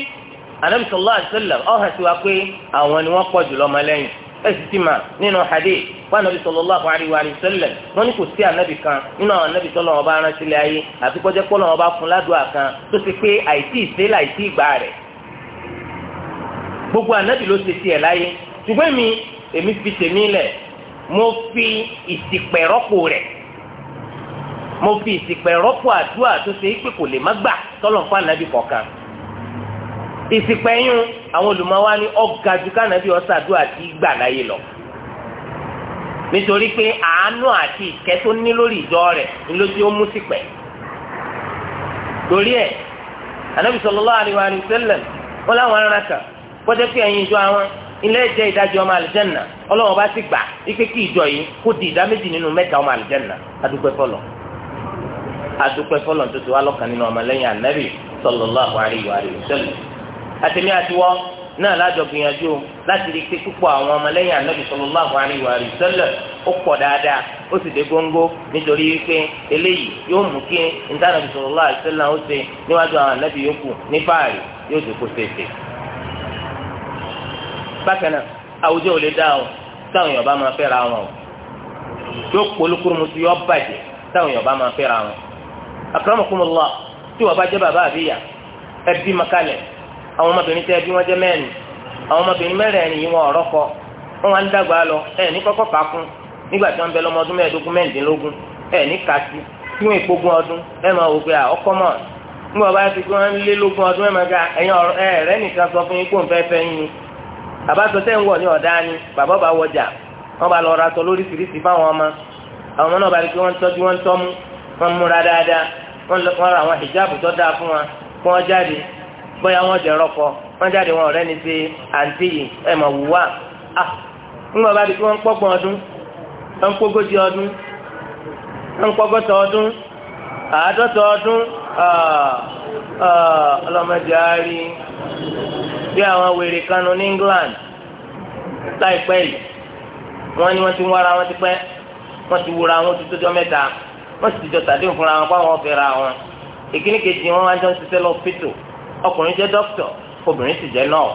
anabi sallallahu alaihi wasallam ó hàn sí wa pé àwọn ni wọ́n pọ̀ jùlọ ọmọlẹ́yìn ẹsì ti mà nínú hadith wọn anabi sallallahu alaihi wa sallam wọn ni kò sí anabi kan nínú àwọn anabi tọ́lọ̀ wọn bá rán sílẹ̀ ayé àti kọjá kọ́lọ̀ wọn bá fún ládùá kan tó ti pé àìsí ìsẹ́lẹ̀ àìsí ìgbà rẹ̀ gbogbo anabi ló ṣe tiẹ̀ láyé ṣùgbọ́n mi èmi fi tèmi lẹ̀ mo fi ìsìpẹ̀ rọ́pò rẹ̀ mo fi ìsìpẹ̀ rọ́pò àdúrà tó ṣe é pé kò lè má gbà tọ́lọ̀ fún ànábì kọ̀ọ̀kan ìsìpẹ̀ yún àwọn olùmọ̀wá ní ọ̀gá ju kánàbí ọ̀sà àdúrà ti gbà láyé lọ nítorí pé àánú àti ìkẹ́ tó ní lórí ìjọ rẹ̀ ló ti ó mú sípẹ̀ torí ẹ̀ ànábì sallallahu alaihi wa sallam wọn láwọn aráàlá kan kọjá pé ẹ̀yin ìjọ àwọn ilé jẹ́ ìdajì ọmọ àlìjẹ́nà ọlọ́run bá sì gbà ike kí ìjọ yìí kó di ìdá méjì nínú mẹ́ta ọmọ àlìjẹ́nà adúpẹ́ fọlọ́ adúpẹ́ fọlọ́ tó ti wá lọ́kàn nínú ọmọlẹ́yìn ànábì sallallahu alaihi wa sallam àtẹ̀mí àtiwọ́ náà lájọ gbìyànjú láti rí i pé púpọ̀ àwọn ọmọlẹ́yìn ànábì sallallahu alaihi wa sallam ó pọ̀ dáadáa ó sì dé góńgó nítorí wípé eléyìí yóò mú kí ntànàbì sallallahu alaihi wa sallam ó ṣe níwájú àwọn ànábì yòókù ní fáàrí yóò bákan náà àwùjọ ò lè dá o táwọn èèyàn bá máa fẹ́ ra wọn o yóò polúkúrú mu sí yọ bàjẹ́ táwọn èèyàn bá máa fẹ́ ra wọn. akramakumullah tí bá bàbá àbíyà ẹbí àwọn ọmọbìnrin ẹbí wọn àwọn ọmọbìnrin yìí wọn kọ wọn wá ń dàgbà lọ ní nígbà tí bẹ ọdún bàbá sọ tẹ́ ń wọ̀ ni bàbá bá wọjà wọ́n bá lọ ra sọ lóríṣiríṣi fáwọn ọmọ àwọn ọmọ náà bá rí pé wọ́n tọ́jú wọ́n tọ́mú wọ́n múra dáadáa wọ́n ra àwọn hijab tó dáa fún wa fún wọn jáde bóyá wọ́n jẹ rọ́kọ wọ́n jáde wọn ọ̀rẹ́ ni pé àǹtí yìí ẹ̀ mọ̀ wù wá ah ń bàbá rí pé wọ́n pọ́gbọ̀n ọdún wọ́n pọ́gójì ọdún wọ́n pọ́gọ́ta ọdún àádọ́ta ọdún ọlọ́mọdé á bí àwọn wèrè kan ní England láìpẹ́ yìí wọ́n ní wọ́n ti ń wára wọn ti pẹ́ wọ́n ti wúra wọn ti tójọ́ mẹ́ta wọ́n sì ti jọ tàdé fúnra wọn fáwọn ọ̀fẹ́ra wọn ìkíní kejì wọn wá jọ ń ṣiṣẹ́ lọ pító ọkùnrin jẹ́ dókítà obìnrin sì jẹ́ nọ́ọ̀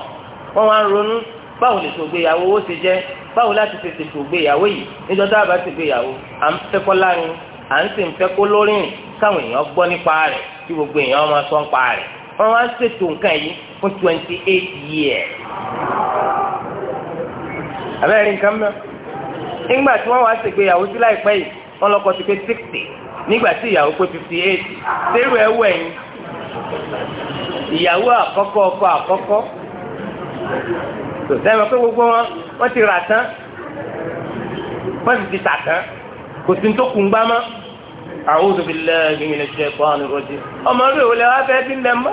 wọ́n wá ń ronú báwo lè ṣògbéyàwó owó ṣe jẹ́ báwo láti tètè ṣògbéyàwó yìí níjọ́ tá a bá ṣègbéyàwó à ń fẹ́ kọ́ láàrin à ń sì ń fẹ́ kó lórí rìn káwọn èèyàn gbọ́ nípa rẹ̀ kí gbogbo èèyàn máa sọ nípa rẹ̀ wọ́n wá ṣètò nǹkan yìí fún twenty eight years. abẹ́rẹ́ nǹkan mọ́ nígbà tí wọ́n wá ṣègbéyàwó sí láìpẹ́ yìí wọ́n lọ́kọ ti pé sixty nígbà tí ìyàwó pé fifty eight sẹ́rù ẹ̀ wẹ̀ yín ìyàwó àkọ́kọ́ ọkọ àkọ́kọ́ tòtẹ́ wọn pé gbogbo wọn wọ́n ti rà tán wọ́n sì ti tà tán kò sí ní tó kùn gbá mọ́. أعوذ بالله من الشيطان الرجيم ọmọ rẹ ò lè wá fẹ́ bí mẹ́mọ́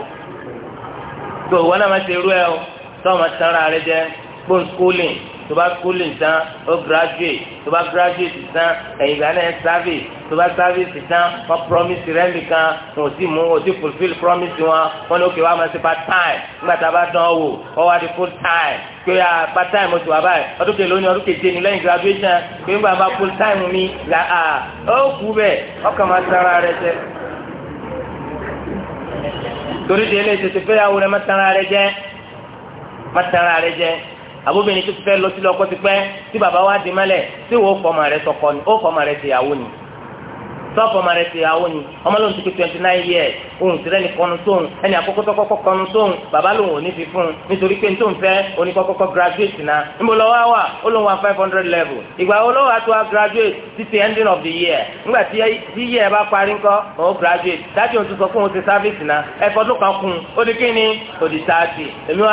tó wọn náà máa ṣe irú ẹ o tó ọmọ sanra rẹ jẹ gbóǹskúlìn tó bá kólé tán ó graduate tó bá graduate tán ẹ̀yìn ìgbà náà service tó bá service tán wọ́n promise rẹ̀ nìkan wọn ò sì mú wọn ò sì fulfil promise wọn wọn ní òkè wa máa ṣe part time nígbà tá a bá dán wò wọ́n wá di full time pé a ah, part time oṣù wa báyìí ọdún kẹlẹ́ lónìí ọdún keje ní lẹ́yìn graduation pé nígbà bá full time mi là á ó kú bẹ́ẹ̀ ọkàn máa sanra rẹ jẹ torí de ilé ìtètè fẹ́yàwó rẹ mọ́tara rẹ jẹ́ mọ́tara rẹ jẹ́ abóbìnrin tó ti fẹ́ lọ sílé ọkọ ti pẹ́ tí bàbá wa di mọ́lẹ̀ tí wọ́n fọmọ rẹ sọkọ ni ó fọmọ rẹ tìyàwó ni sọ́ọ̀pù ọmọ rẹ ti àwọn ni ọmọ lòun twenty nine years òun ti rẹ́ni kọ́nu tóun ẹni àkọ́kọ́ tó kọ́kọ́ kọ́nu tóun bàbá lòun ò ní fi fún un nítorí pé graduate náà níbo lọ́wọ́ wà ó lòun level ìgbà wo lọ́wọ́ graduate títí ending of the year nígbà tí year bá parí ńkọ́ ó graduate dájú òun ti sọ fún òun ti service náà ẹ̀fọ́ tó kàn kún ó ní kíni sáàtì èmi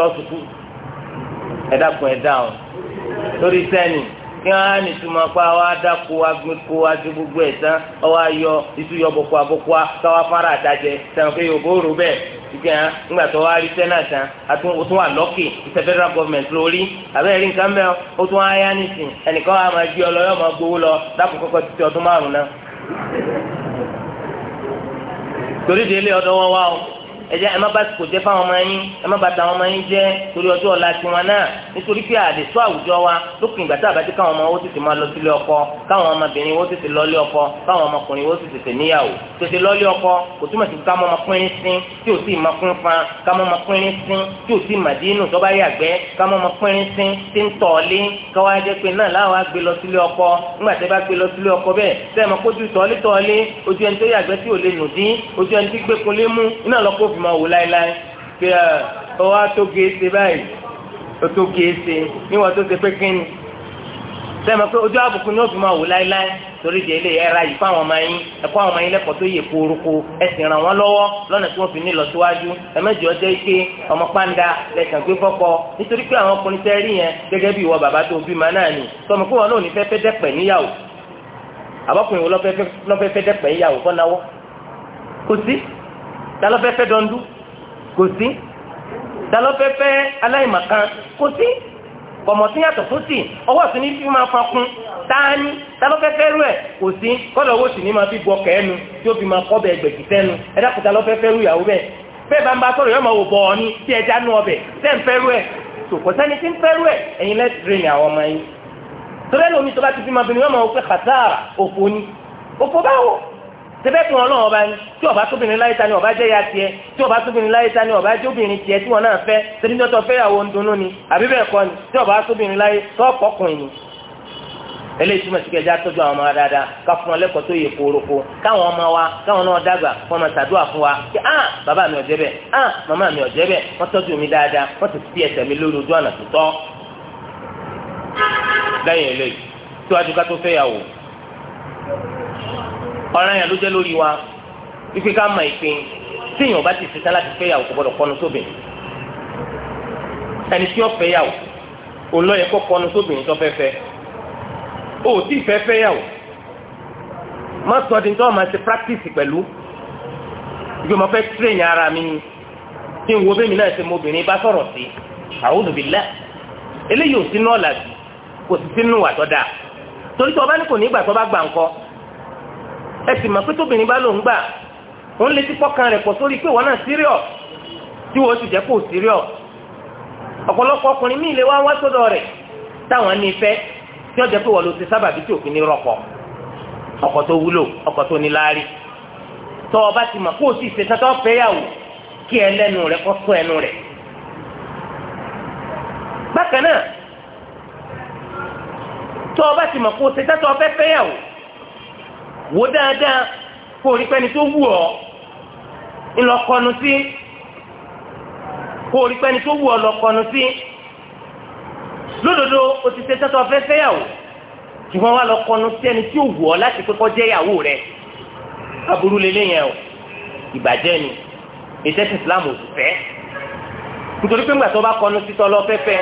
wá ẹ̀dàkùn ẹ̀dá o lórí sẹ́ni kí wọ́n á pa wá dáko wá gbé kó gbogbo ẹ̀ tán ọwọ́ ayọ yọ bọ̀kọ̀ àbọ̀kọ̀ káwá fara àdájẹ sẹ́wọ̀n pé yòókù bẹ́ẹ̀ tó wá rí sẹ́nà tán tún wà lọ́kì federal government lórí àbẹ́rẹ́ nǹkan bẹ́ẹ̀ ó tún wá yá nìsín ẹnìkan wà máa ọ lọ yọ máa gbowó lọ ọdún márùn-ún náà ẹjẹ ẹ má bá sìkò jẹ fáwọn ọmọ yín ẹ má bá ta àwọn ọmọ yín jẹ torí ọjọ́ ọ̀la tiwọn náà nítorí pé àdètò àwùjọ wa lópin ìgbà tá àbájẹ káwọn ọmọ wọn tètè máa lọ sílé ọkọ káwọn ọmọbìnrin wọn tètè lọlé ọkọ káwọn ọmọkùnrin wọn tètè níyàwó tètè lọlé ọkọ kò túmọ̀ sí káwọn ọmọkùnrin sín tí ò sì má kún fan káwọn ọmọkùnrin sín tí ò sì má dínú tó bá yàgbẹ́ káwọn ọmọkùnrin sín tí ń tọ̀ọ́lé káwọn ajẹ́ pé náà láwọn á gbé fi máa wò láéláé pé ọ ah, wá tó kéésì báyìí ó tó kéésì níwọ̀n tó ṣe pé kí ni sẹ́mi pé ojú àbùkù ni ó fi máa wò láéláé torí di ilé ẹ̀ra yìí fáwọn ọmọ yín ẹ̀kọ́ àwọn ọmọ yín lẹ́kọ̀ọ́ tó yẹ kóróko ẹ̀sìn ràn wọ́n lọ́wọ́ lọ́nà tí wọ́n fi ní lọ síwájú ẹ̀mẹ́jọ jẹ́ ike ọmọ pàǹdà lẹ́sàn gbé fọ́kọ nítorí pé àwọn ọkùnrin tẹ́ rí yẹn gẹ́gẹ́ bí ìwọ bàbá tó bímọ náà nì sọmọ pé wọn náà ní fẹ́fẹ́ dẹ́pẹ̀ níyàwó àbọ̀kùnrin wo lọ́fẹ́fẹ́ dẹ́pẹ̀ níyàwó kọ́ kò sí talọ́fẹ́fẹ́ dọ́ndú kò sí talọ́fẹ́fẹ́ aláìmọ̀kan kò sí kọ̀mọ̀ tí yàtọ̀ fún sí ọwọ́ sí ní fi máa fankun tání talọ́fẹ́fẹ́ rú ẹ̀ kò sí kọ́lọ̀ owó sì ní máa fi bọ kẹ́ẹ̀nu tí ó fi máa kọ́ bẹ ẹgbẹ̀kì sẹ́nu ẹ̀dàkùn talọ́fẹ́fẹ́ rú ìyàwó bẹ́ẹ̀ bẹ́ẹ̀ bá ń bá sọ̀rọ̀ yọ́mọ̀ wò bọ̀ ọ́ ní tí ẹja nú ọbẹ̀ sẹ́ǹfẹ́ rú ẹ̀ tó sẹ́ni tí ń fẹ́ rú ẹ̀ ẹ̀yin tẹ́fẹ́ ọlọ́run ọba ni tí ọba tóbìnrin láyé ta ni ọba jẹ́ ya tiẹ̀ tí ọba tóbìnrin láyé ta ni ọba jẹ́ obìnrin tiẹ̀ tí wọn náà fẹ́ torí tó fẹ́ yàwó ni àbí bẹ́ẹ̀ kọ́ ni tí ọba tóbìnrin láyé tó kọkùnrin ni. eléyìí túmọ̀ sí kẹjá tọ́jú àwọn ọmọ wa dáadáa ká fún wọn lẹ́kọ̀ọ́ tó yẹ káwọn ọmọ wa káwọn náà dàgbà fún wa kí ah, mi bẹ́ẹ̀ ti ah, ọ̀ràn yẹn ló jẹ́ lórí wa wípé ká mọ ìpín téèyàn bá ti ṣetán láti fẹ́ yàwó kò gbọdọ̀ kọnu sóbìn ẹni tí ó fẹ́ yàwó òun ló yẹ kó kọnu sóbìn tó fẹ́ fẹ́ o ò tí ì fẹ́ fẹ́ yàwó má sọ di nítorí máa ṣe practice pẹ̀lú ìgbé mo fẹ́ train ara mi kí n wo bẹ́ẹ̀ mi náà ṣe mo obìnrin bá sọ̀rọ̀ sí a'udhu billah eléyìí ò sínú ọ̀làjì kò sí sínú àtọ́dá torí tí ọba ní kò ní ìgbà tó bá gbà ńkọ́ ẹ sì mọ̀ pé tóbìnrin bá lòún gbà òun lè ti pọ́kàn rẹ̀ pọ̀ sórí pé wọ́n náà serious tí wọ́n sì jẹ́ kó nwa ọ̀pọ̀lọpọ̀ ọkùnrin míì lè wá wá sọ́dọ̀ rẹ̀ táwọn ní ìfẹ́ tí ó jẹ́ pé wọ́n ló ti sábàbí tí òfin ní ọkọ tó wúlò ọkọ tó ní láárí tọ́ ti mọ̀ kó o sì ṣe wò dáadáa kó o rí pẹ́ni tó wù ọ́ ńlọkọnu sí kó o rí pẹ́ni tó wù ọ́ lọkọnu sí lódodo o ti ṣe tẹ́tọ́ fẹ́ fẹ́yàwó ṣùgbọ́n wà lọkọnu sí ẹni tí ó wù ọ́ láti pé kó jẹ́ ìyàwó rẹ̀ aburú lélẹ́yìn ẹ̀ o ìbàjẹ́ ni ìtẹ́sí Islam ò sì fẹ́ nítorí pé ńgbà tó bá kọnu títọ́ lọ fẹ́fẹ́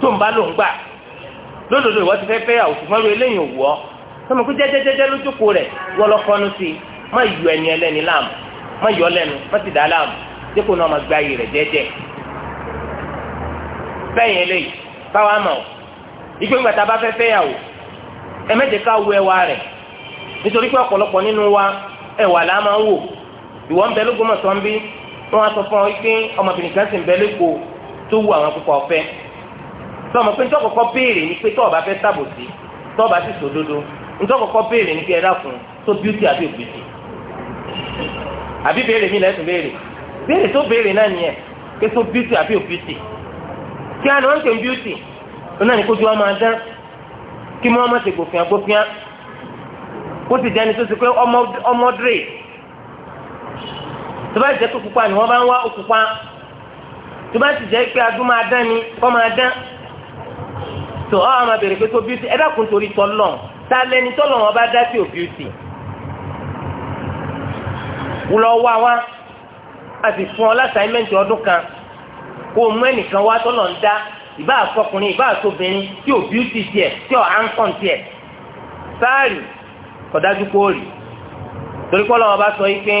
tó ń bá lòún gbà lódodo ìwọ ti fẹ́ fẹ́ àwòsùnmọ́rú sọmọ kó jẹ́jẹ́jẹ́jẹ́ lójókòó rẹ̀ wọ́n lọ kọ́nu sí i má yọ ẹni ẹlẹ́ni láàmú má yọ lẹ́nu má ti dà láàmú dípò náà má gba ayé rẹ̀ jẹ́jẹ́ bẹ́ẹ̀ yẹn léyìí báwa mọ̀ ọ́ ìgbé ńgbà tá a bá fẹ́ fẹ́ yàwó ẹ mẹ́jẹ̀ ká wo ẹwà rẹ̀ nítorí pé ọ̀pọ̀lọpọ̀ nínú wa ẹwà là máa ń wò ìwọ ń bẹ lÓgbómọ̀ṣọ́ ń bí wọ́n á sọ fún ọ pé ọmọbìnrin kan sì ń bẹ lẹ́kọ̀ọ́ tó wù àwọn púpọ̀ ọ̀fẹ́ tọ́ ọmọ pé ní tọ́kọ̀kọ́ béèrè ni pé tọ́ọ̀bá fẹ́ ṣàbòsí tọ́ọ̀bá sì sòdodo nítorí kọ́kọ́ béèrè ní kí ẹ dákun tó bíútì àbí òbítì àbí béèrè mi lẹ́sùn béèrè béèrè tó béèrè náà nìyẹn pé tó bíútì àbí òbítì kí á ní wọ́n ń pè bíútì ó náà ní kójú ọmọ adán kí wọ́n má ti gbòfin agbófin kó sì jẹ́ni tó ti pé ọmọ dre tó bá jẹ́ tó pupa ni wọ́n bá ń wá òpupa tó bá ti jẹ́ pé adúmọ̀ adán ni kọ́ máa dán tó ọ́ àwọn àbẹ̀rẹ̀ pé tó bíútì ẹ dákun torí tọ́ lọ́n ta lẹni tọ́lọ̀ wọn bá dá sí òbí òsì wùlọ wá wá a sì fún ọ lásàímẹ́ǹtì ọdún kan kó o mú ẹnìkan wá tọ́lọ̀ ń dá ìbá àfọkùnrin ìbá àtobìnrin tí òbí òsì tiẹ̀ tí ọ̀ áńkọ̀n tiẹ̀ sáàrì kọ̀dájú kó rì torí pé Ọlọ́run bá sọ yìí pé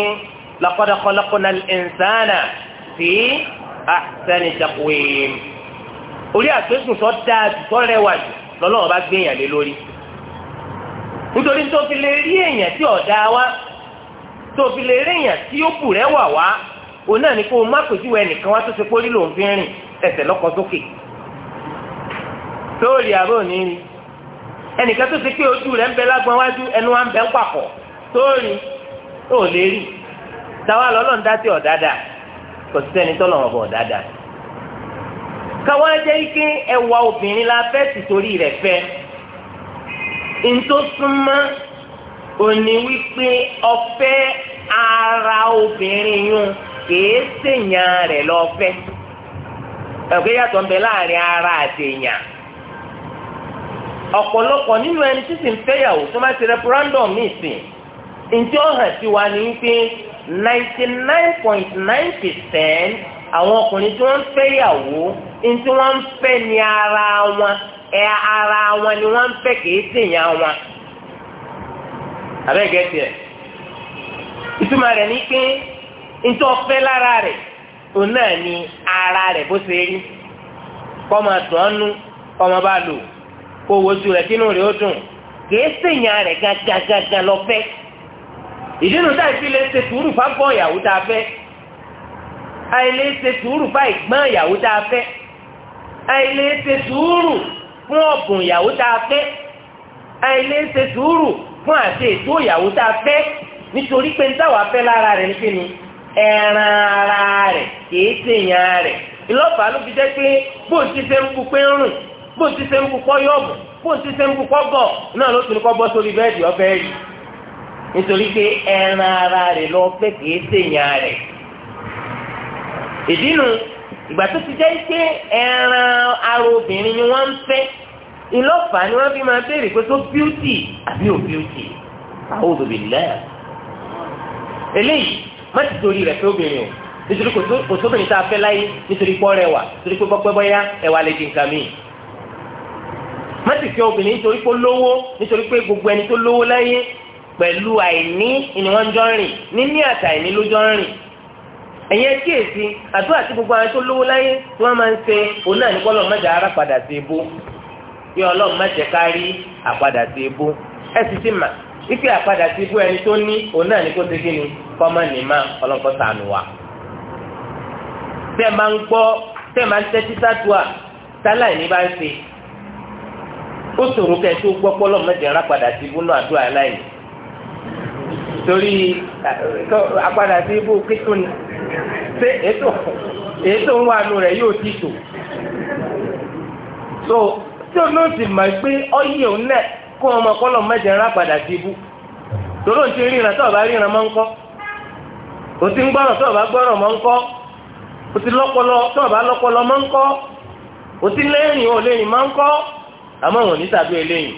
laqad khalaqnal insana fi ahsani taqwim orí àgbẹ̀sùn tó dáa tó rẹwà jù lọ́lọ́run bá gbé yàn lé lórí nítorí tó fi lè rí èèyàn tí ọ̀dà wa tó fi lè rí èèyàn tí ó bù rẹ̀ wà wá òun náà ni kó o má pèjú ẹnìkan wá tó ṣe pórí lòun fi ń rìn ẹsẹ̀ lọ́kọ̀ sókè sóòrì àbò ní rí ẹnìkan tó ṣe pé ojú rẹ̀ ń bẹ lágbọ́n wájú ẹnu wa ń bẹ ń pàpọ̀ sóòrì ó lè rí táwa lọ́lọ́ ń dá sí ọ̀dáadáa kò sí sẹ́ni tọ́lọ̀ ọ̀bọ̀ ọ̀dáadáa káwá jẹ́ ike ẹwà obìnrin la fẹ́ ntòsúnmọ́ òní wípé ọ̀fẹ́ ara obìnrin yún kìí ṣèyàn rẹ̀ lọ́fẹ́ ẹ̀kọ́ yàtọ̀ ń bẹ láàrin ara àti èèyàn ọ̀pọ̀lọpọ̀ nínú ẹni tí sì ń fẹ́yàwó tó máa ti referendum nìsín ǹjẹ́ ọ̀hàn tí wà ní pé ninety nine point nine percent àwọn ọkùnrin tí wọ́n ń fẹ́yàwó ní tí ń fẹ́ ní ara wọn ẹ ara wọn ni wọ́n ń fẹ́ kìí sèyàn wọn abẹ́gẹ́ isu ìtumọ̀ rẹ̀ ní pé ntọ́ fẹ́ lára rẹ̀ òun náà ni ara rẹ̀ bó ṣe rí kọ́mọ dùnánú kọ́mọ bá lò kó wojú rẹ̀ kínú rẹ̀ ó dùn kìí sèyàn rẹ̀ gàgàgàgà lọ fẹ́ ìdínú táì fi lè ṣe sùúrù fágbọ́n ìyàwó tá a fẹ́ àìlè ṣe sùúrù ìyàwó tá a fẹ́ àìlè ṣe fún ọ̀bùn ìyàwó tá a fẹ́ àìlè ṣe sùúrù fún àti ètò ìyàwó tá a fẹ́ nítorí pé táwa fẹ́ lára rẹ̀ nípé ni ẹran ara rẹ̀ kìí ṣe èèyàn rẹ̀ ìlọ́fà ló fi jẹ́ pé bó ti ṣe ń kú pé ń rùn bó ti ṣe ń kọ́ yọ̀bù bó ti ṣe ń lọ fẹ́ kìí ṣe èèyàn rẹ̀ ìgbà tó ti jẹ́ pé ẹran ara obìnrin ni wọ́n ń fẹ́ ìlọ́fà ni wọ́n fi máa béèrè pé tó bíútì àbí ò bíútì a'udhu billah eléyìí má ti torí rẹ̀ pé obìnrin o nítorí kò sóbìnrin tá a fẹ́ láyé nítorí pọ́ rẹwà nítorí pé pọ́pẹ́ bọ́yá ẹ̀wà lè di nǹkan míì má ti fẹ́ obìnrin nítorí pé lówó nítorí pé gbogbo ẹni tó lówó láyé pẹ̀lú àìní ni wọ́n jọ níní àtàìní ló ẹ̀yẹ kíyèsí àdúrà tí gbogbo àwọn tó lówó láyé tí wọ́n máa ń a òun náà ní kọ́lọ́ mẹ́jọ ara padà sí ebó kí ọlọ́run mẹ́jẹ kárí àpadà sí ebó ẹ sì ti mà ife àpadà sí ebó ẹni tó ní òun náà ni ọlọ́kọ́ sànù wa. tẹ́ máa ń gbọ́ tẹ́ máa ń tẹ́tí táláì ní bá ń ó kẹ́ tó gbọ́ mẹ́jẹ ara padà sí ebó náà torí àpadà sí ṣe ètò ń wà nù rẹ̀ yóò ti tò so tí o náà ti mọ̀ pé ọyẹ òun náà kó ọmọ kọ́lọ̀ mẹ́jẹ ńlá padà ti bú tòló ti ríran tó o bá ríran mọ́ ń kọ́ o ti ń gbọ́rọ̀ tó o bá gbọ́rọ̀ mọ́ ń kọ́ o ti lọ́pọlọ tó o bá lọ́pọlọ mọ́ ń kọ́ o ti lẹ́yìn o lẹ́yìn mọ́ ń kọ́ àmọ́ òun ní tàbí eléyìn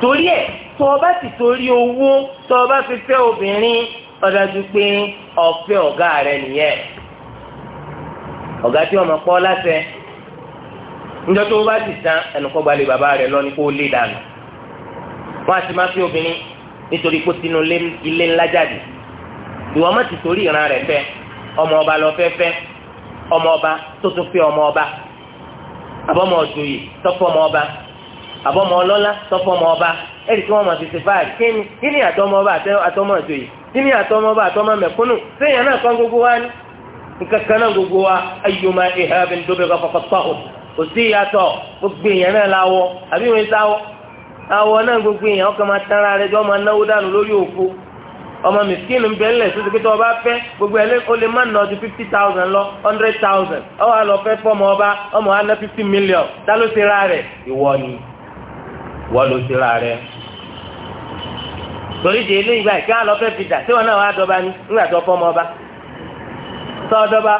torí ẹ̀ tó o bá ti torí owó tó o bá fi fẹ́ obìnrin ọdájú pé ọfẹ ọga rẹ nìyẹn ọga tí ọmọ láṣẹ njọ tó bá ti tán rẹ lọ ní kó lé dànù wọ́n á ti máa fi obìnrin nítorí pé sínú ilé ńlá jáde ọmọ ti torí ìran rẹ fẹ ọmọ ọba lọ ọmọ ọba tó tún ọmọ ọba ọmọ ọba ọmọ ọba tí ṣe kíní àtọmọ bá àtọmọ mẹ̀kúnnù sẹ́yìn náà kan gbogbo wa ni nǹkan kan náà gbogbo wa ayọ̀mọ ìhàbẹ̀ ńdóbi kọfọfọ o kò sí ìyàtọ̀ gbogbo èèyàn náà láwọ àbí wọn sáwọ àwọ náà gbogbo èèyàn ọkàn máa tán ara rẹ jọ máa náwó dànù lórí ọmọ mìsíkìnnì ń bẹ ọba gbogbo lè má nà ọdún fifty lọ hundred thousand ọba ọmọ wa ná fifty million tá ló ṣe torí di eléyìí báyìí kí wọn lọ fẹ́ fi dà síwọn náà wà dọ́ba ní nígbà tó fọmọ ọba tọ́ dọ́ba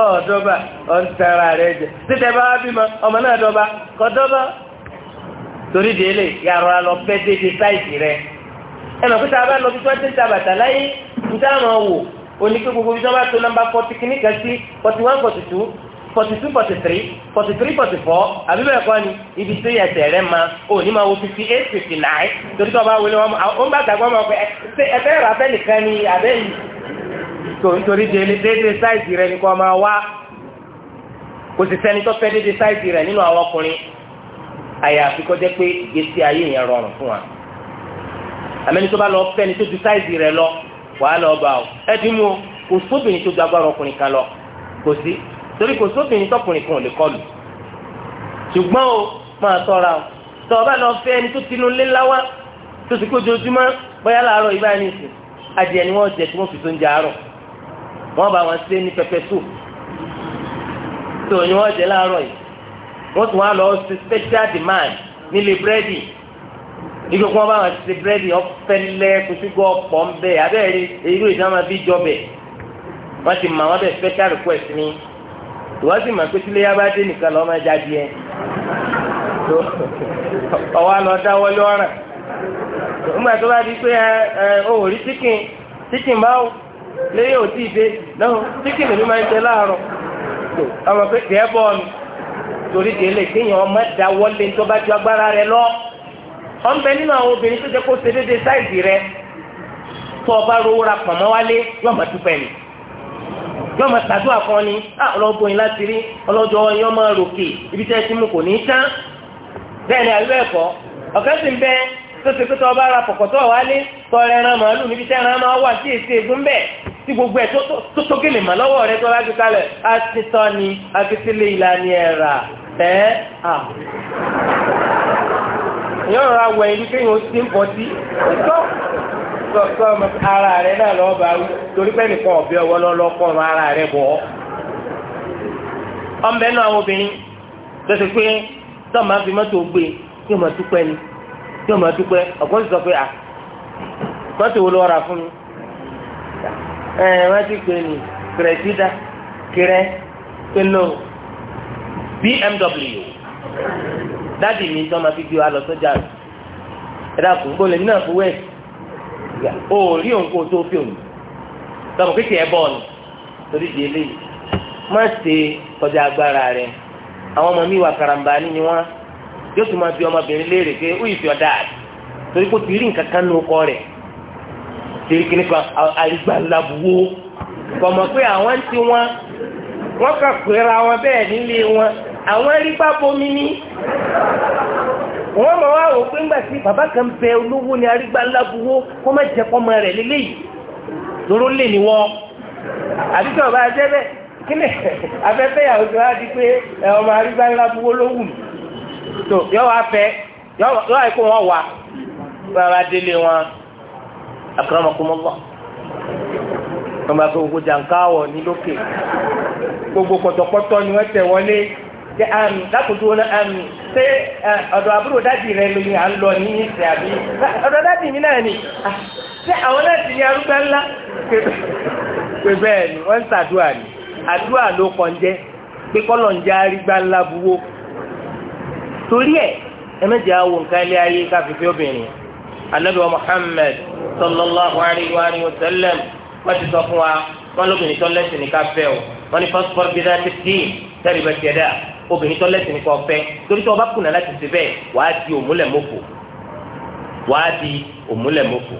ọ̀ dọ́ba ọ̀ ń tẹ̀ra rẹ̀ jẹ títẹ̀ bá wá bímọ ọmọ náà dọ́ba kọ́ dọ́ba torí di eléyìí yàrá lọ fẹ́ dédé sáìsì rẹ ẹnì kúta bá lọ bí tí wọ́n ti ń ta bàtà láyé níta àwọn wò oníkẹ́ gbogbo bí wọ́n bá tó nọ́mbà fọ́tí kìnnìkan sí fọ́tí wọ́n kọ̀ tuntun forty two forty three forty three forty four àbí bẹ́ẹ̀ kọ́ ni ibi tí ẹsẹ̀ rẹ ma ò ní ma wo fifty eight fifty nine torí tó bá wọlé wọn ó ń bá gbàgbọ́ ma pé ẹfẹ́ rà fẹ́ nìkan ni àbẹ́ yìí tó nítorí délé déédéé sáìsì rẹ ni kò máa wá kò sì sẹ́ni tó fẹ́ déédéé sáìsì rẹ nínú àwọn ọkùnrin àyàfi kọjá pé gbèsè ayé yẹn rọrùn fún wa àmẹ́ni tó bá lọ fẹ́ni tó ju sáìsì rẹ lọ wàá lọ bá ọ ẹ ti mú o kò sóbìnrin tó ju agbára ọkùnrin kan lọ kò sí torí kò sóbìnrin tọkùnrin kan ò lè kọlù ṣùgbọ́n o máa tọ́ra o tọ́ ọ bá lọ fẹ́ ẹni tó tinú lé láwá tó ti kójoojúmọ́ bóyá láàárọ̀ ibà ní ìsìn adìẹ ni wọ́n jẹ tí wọ́n fi tó ń jẹ àárọ̀ wọ́n bá wọn ṣe ní pẹpẹ soup tó ni wọ́n jẹ láàárọ̀ yìí wọ́n tún wá lọ ṣe special demand nílé búrẹ́dì ibi kí wọ́n bá wọn ṣe búrẹ́dì ọ̀fẹ́lẹ́ kùsùgbọ́ ọ̀pọ̀ ń bẹ̀ abẹ́rẹ́ irú ìdáná bí jọ bẹ̀ wọ́n ti mọ àwọn bẹ̀ special request ní wọ́n sì mọ̀ pé tílé yá bá dé nìkan lọ́ọ́ máa jáde ẹ ọwọ́ àlọ́ dáwọ́ lọ́ràn nígbà tó bá di pé ẹ ò rí chicken chicken báwo lẹ́yìn òtí ìdè náà chicken lèmi máa ń jẹ láàárọ̀ ọmọ pé bọ̀ mi torí délé kéèyàn ọmọ tó bá ju agbára rẹ lọ ọ̀n bẹ nínú àwọn obìnrin tó jẹ́ kó ṣe déédéé rẹ tó o bá rówó ra wálé yóò yọ ọmọ ṣàdúrà kan ni ah, ọlọ́gbọ́n yín láti rí ọlọ́jọ́ yín ọmọ ròkè ibi tẹ́ ẹ ti mú kò ní í tán bẹ́ẹ̀ ni àríwá ẹ̀kọ́ ọ̀kẹ́ sì ń bẹ tó ṣe pé tọ́ bá ra pọ̀pọ̀tọ́ wálé tọrẹ ẹran màálù níbi tẹ́ ẹran máa wà sí èsì ègún bẹ́ẹ̀ tí gbogbo ẹ̀ tó tó gèlè mà lọ́wọ́ rẹ tó bá ti kalẹ̀ á ti tọ́ ni á ti sílé ìlànà ẹ̀rà ẹ̀ à èèyàn rọra wẹ̀ ẹni kéèyàn ó ti ń pọ̀ sí ìtọ́ sọ ara rẹ náà lọ́ọ́ bá wí torí pé nìkan ọ̀bẹ ọwọ́ lọ́lọ́kọ̀ ọ̀run ara rẹ bọ̀ ọ́. ọmọ ẹnu àwọn obìnrin tó ti pé tọ́ máa fi mọ́tò gbé kí ọmọ dúpẹ́ ni kí ọmọ dúpẹ́ ọ̀gbọ́n sọ pé à mọ́tò wo lọ́ọ́ ra fún mi. ẹ ẹ wọ́n ti pè ní kìrẹ́sídà kìrẹ́ pẹ̀lú BMW dáàdì mi tọ́ máa fi gbé wa lọ sọ́jà rẹ̀ ẹ̀dá kò gbọ́n lẹ́yìn náà Oh, o ò rí òǹkó tó fi òun sọmọ kékeré ẹ bọ ọ ni torí di eléyìí má ṣe kọjá agbára rẹ àwọn ọmọ mi wà karambani ni wọn yóò tún máa bi ọmọbìnrin léèrè pé who is your dad torí kó ti rí nǹkan kan ní ọkọ rẹ tìrí kìíní kan àrígbàlábuwó kọmọ pé àwọn ti wọn wọn kà pera wọn bẹ́ẹ̀ nílé wọn àwọn rí pápó wọ́n mọ̀ wá rò pé ńgbà tí bàbá kan bẹ olówó ni arígbá lábúwó kó má jẹ́ pọ́mọ rẹ̀ lélẹ́yìí lóró lè ní wọ́n àti tí ọba jẹ́ bẹ́ẹ̀ kí ni afẹ́fẹ́ yàwó ti wá di pé ọmọ arígbá lábúwó ló wù mí tó yọ wá fẹ́ yọ wá kó wọ́n wà bàbá délé wọn àkàràmọ̀kọ́mọ́gbọ́n ọmọ akẹ́kọ̀ọ́ jàǹkáwọ̀ ní lókè gbogbo pọ̀tọ̀pọ̀tọ̀ ni wọ́n tẹ̀ wọlé jẹ àmì lákòókò wọn àmì ṣé ọ̀dọ̀ àbúrò dádì rẹ ló ní à ń lọ ní ìsìn àbí ọ̀dọ̀ dádì mi náà ni ah, ṣé àwọn náà ti ní arúgbó ńlá pé bẹ́ẹ̀ ni wọ́n ń ṣàdúrà ni àdúrà ló kàn jẹ́ pé kọ́lọ̀ ń jẹ́ arígbá ńlá buwó torí ẹ̀ ẹ̀mẹ́jẹ̀ awo nǹkan ilé ayé káfí obìnrin anabi wa Muhammad sallallahu alayhi wa sallam wọ́n ti sọ fún wa wọ́n lóbìnrin tó lẹ́sìn ní káfẹ́ o wọ́n ní pásítọ̀ bí dá ti dín tẹ́lifẹ̀ tiẹ̀ dáa obìnrin tó lẹ́sìn ní kò fẹ́ torí tó o bá kùnà láti ṣe bẹ́ẹ̀ wàá di òmùlẹ̀mọ́fò wàá di òmùlẹ̀mọ́fò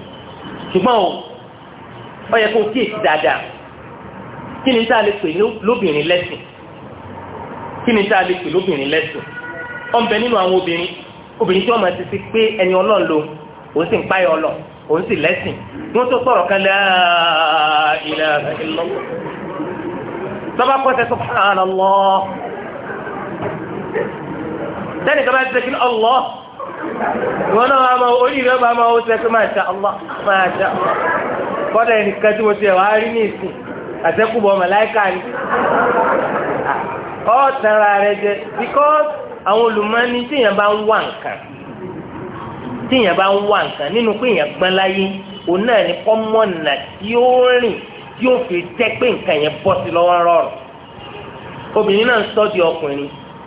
ṣùgbọ́n o ó yẹ kó o kíyèsí dáadáa kí ni tá a lè pè lóbìnrin lẹ́sìn kí ni tá a lè pè lóbìnrin lẹ́sìn ó ń bẹ nínú àwọn obìnrin obìnrin tí wọ́n máa ti fi pé ẹni ọlọ́run ló òun sì ń páyọ̀ ọlọ́ òun sì lẹ́sìn wọ́n tó sọ̀rọ̀ kan la ilaha illallah subhanallah sẹ́ni kan bá ti sẹ́kí ọlọ́ wọn náà máa máa orí rẹ̀ máa máa sẹ́kí máa ṣá ọlọ́ máa ṣá kọ́dà ẹnìkan tí mo ti ẹ̀ wá rí ní ìsìn àtẹ́kùbọ̀ màláìkà ni ọ̀ tara rẹ jẹ because àwọn olùmọ́ni tí èèyàn bá ń wà nǹkan tí èèyàn bá ń wà nǹkan nínú pé èèyàn gbọ́n láyé òun náà ni kọ́mọ̀nà tí ó rìn tí ó fi jẹ́ pé nǹkan yẹn bọ́ sí lọ́wọ́ rọrùn obìnrin náà ń sọ́ di ọkùnrin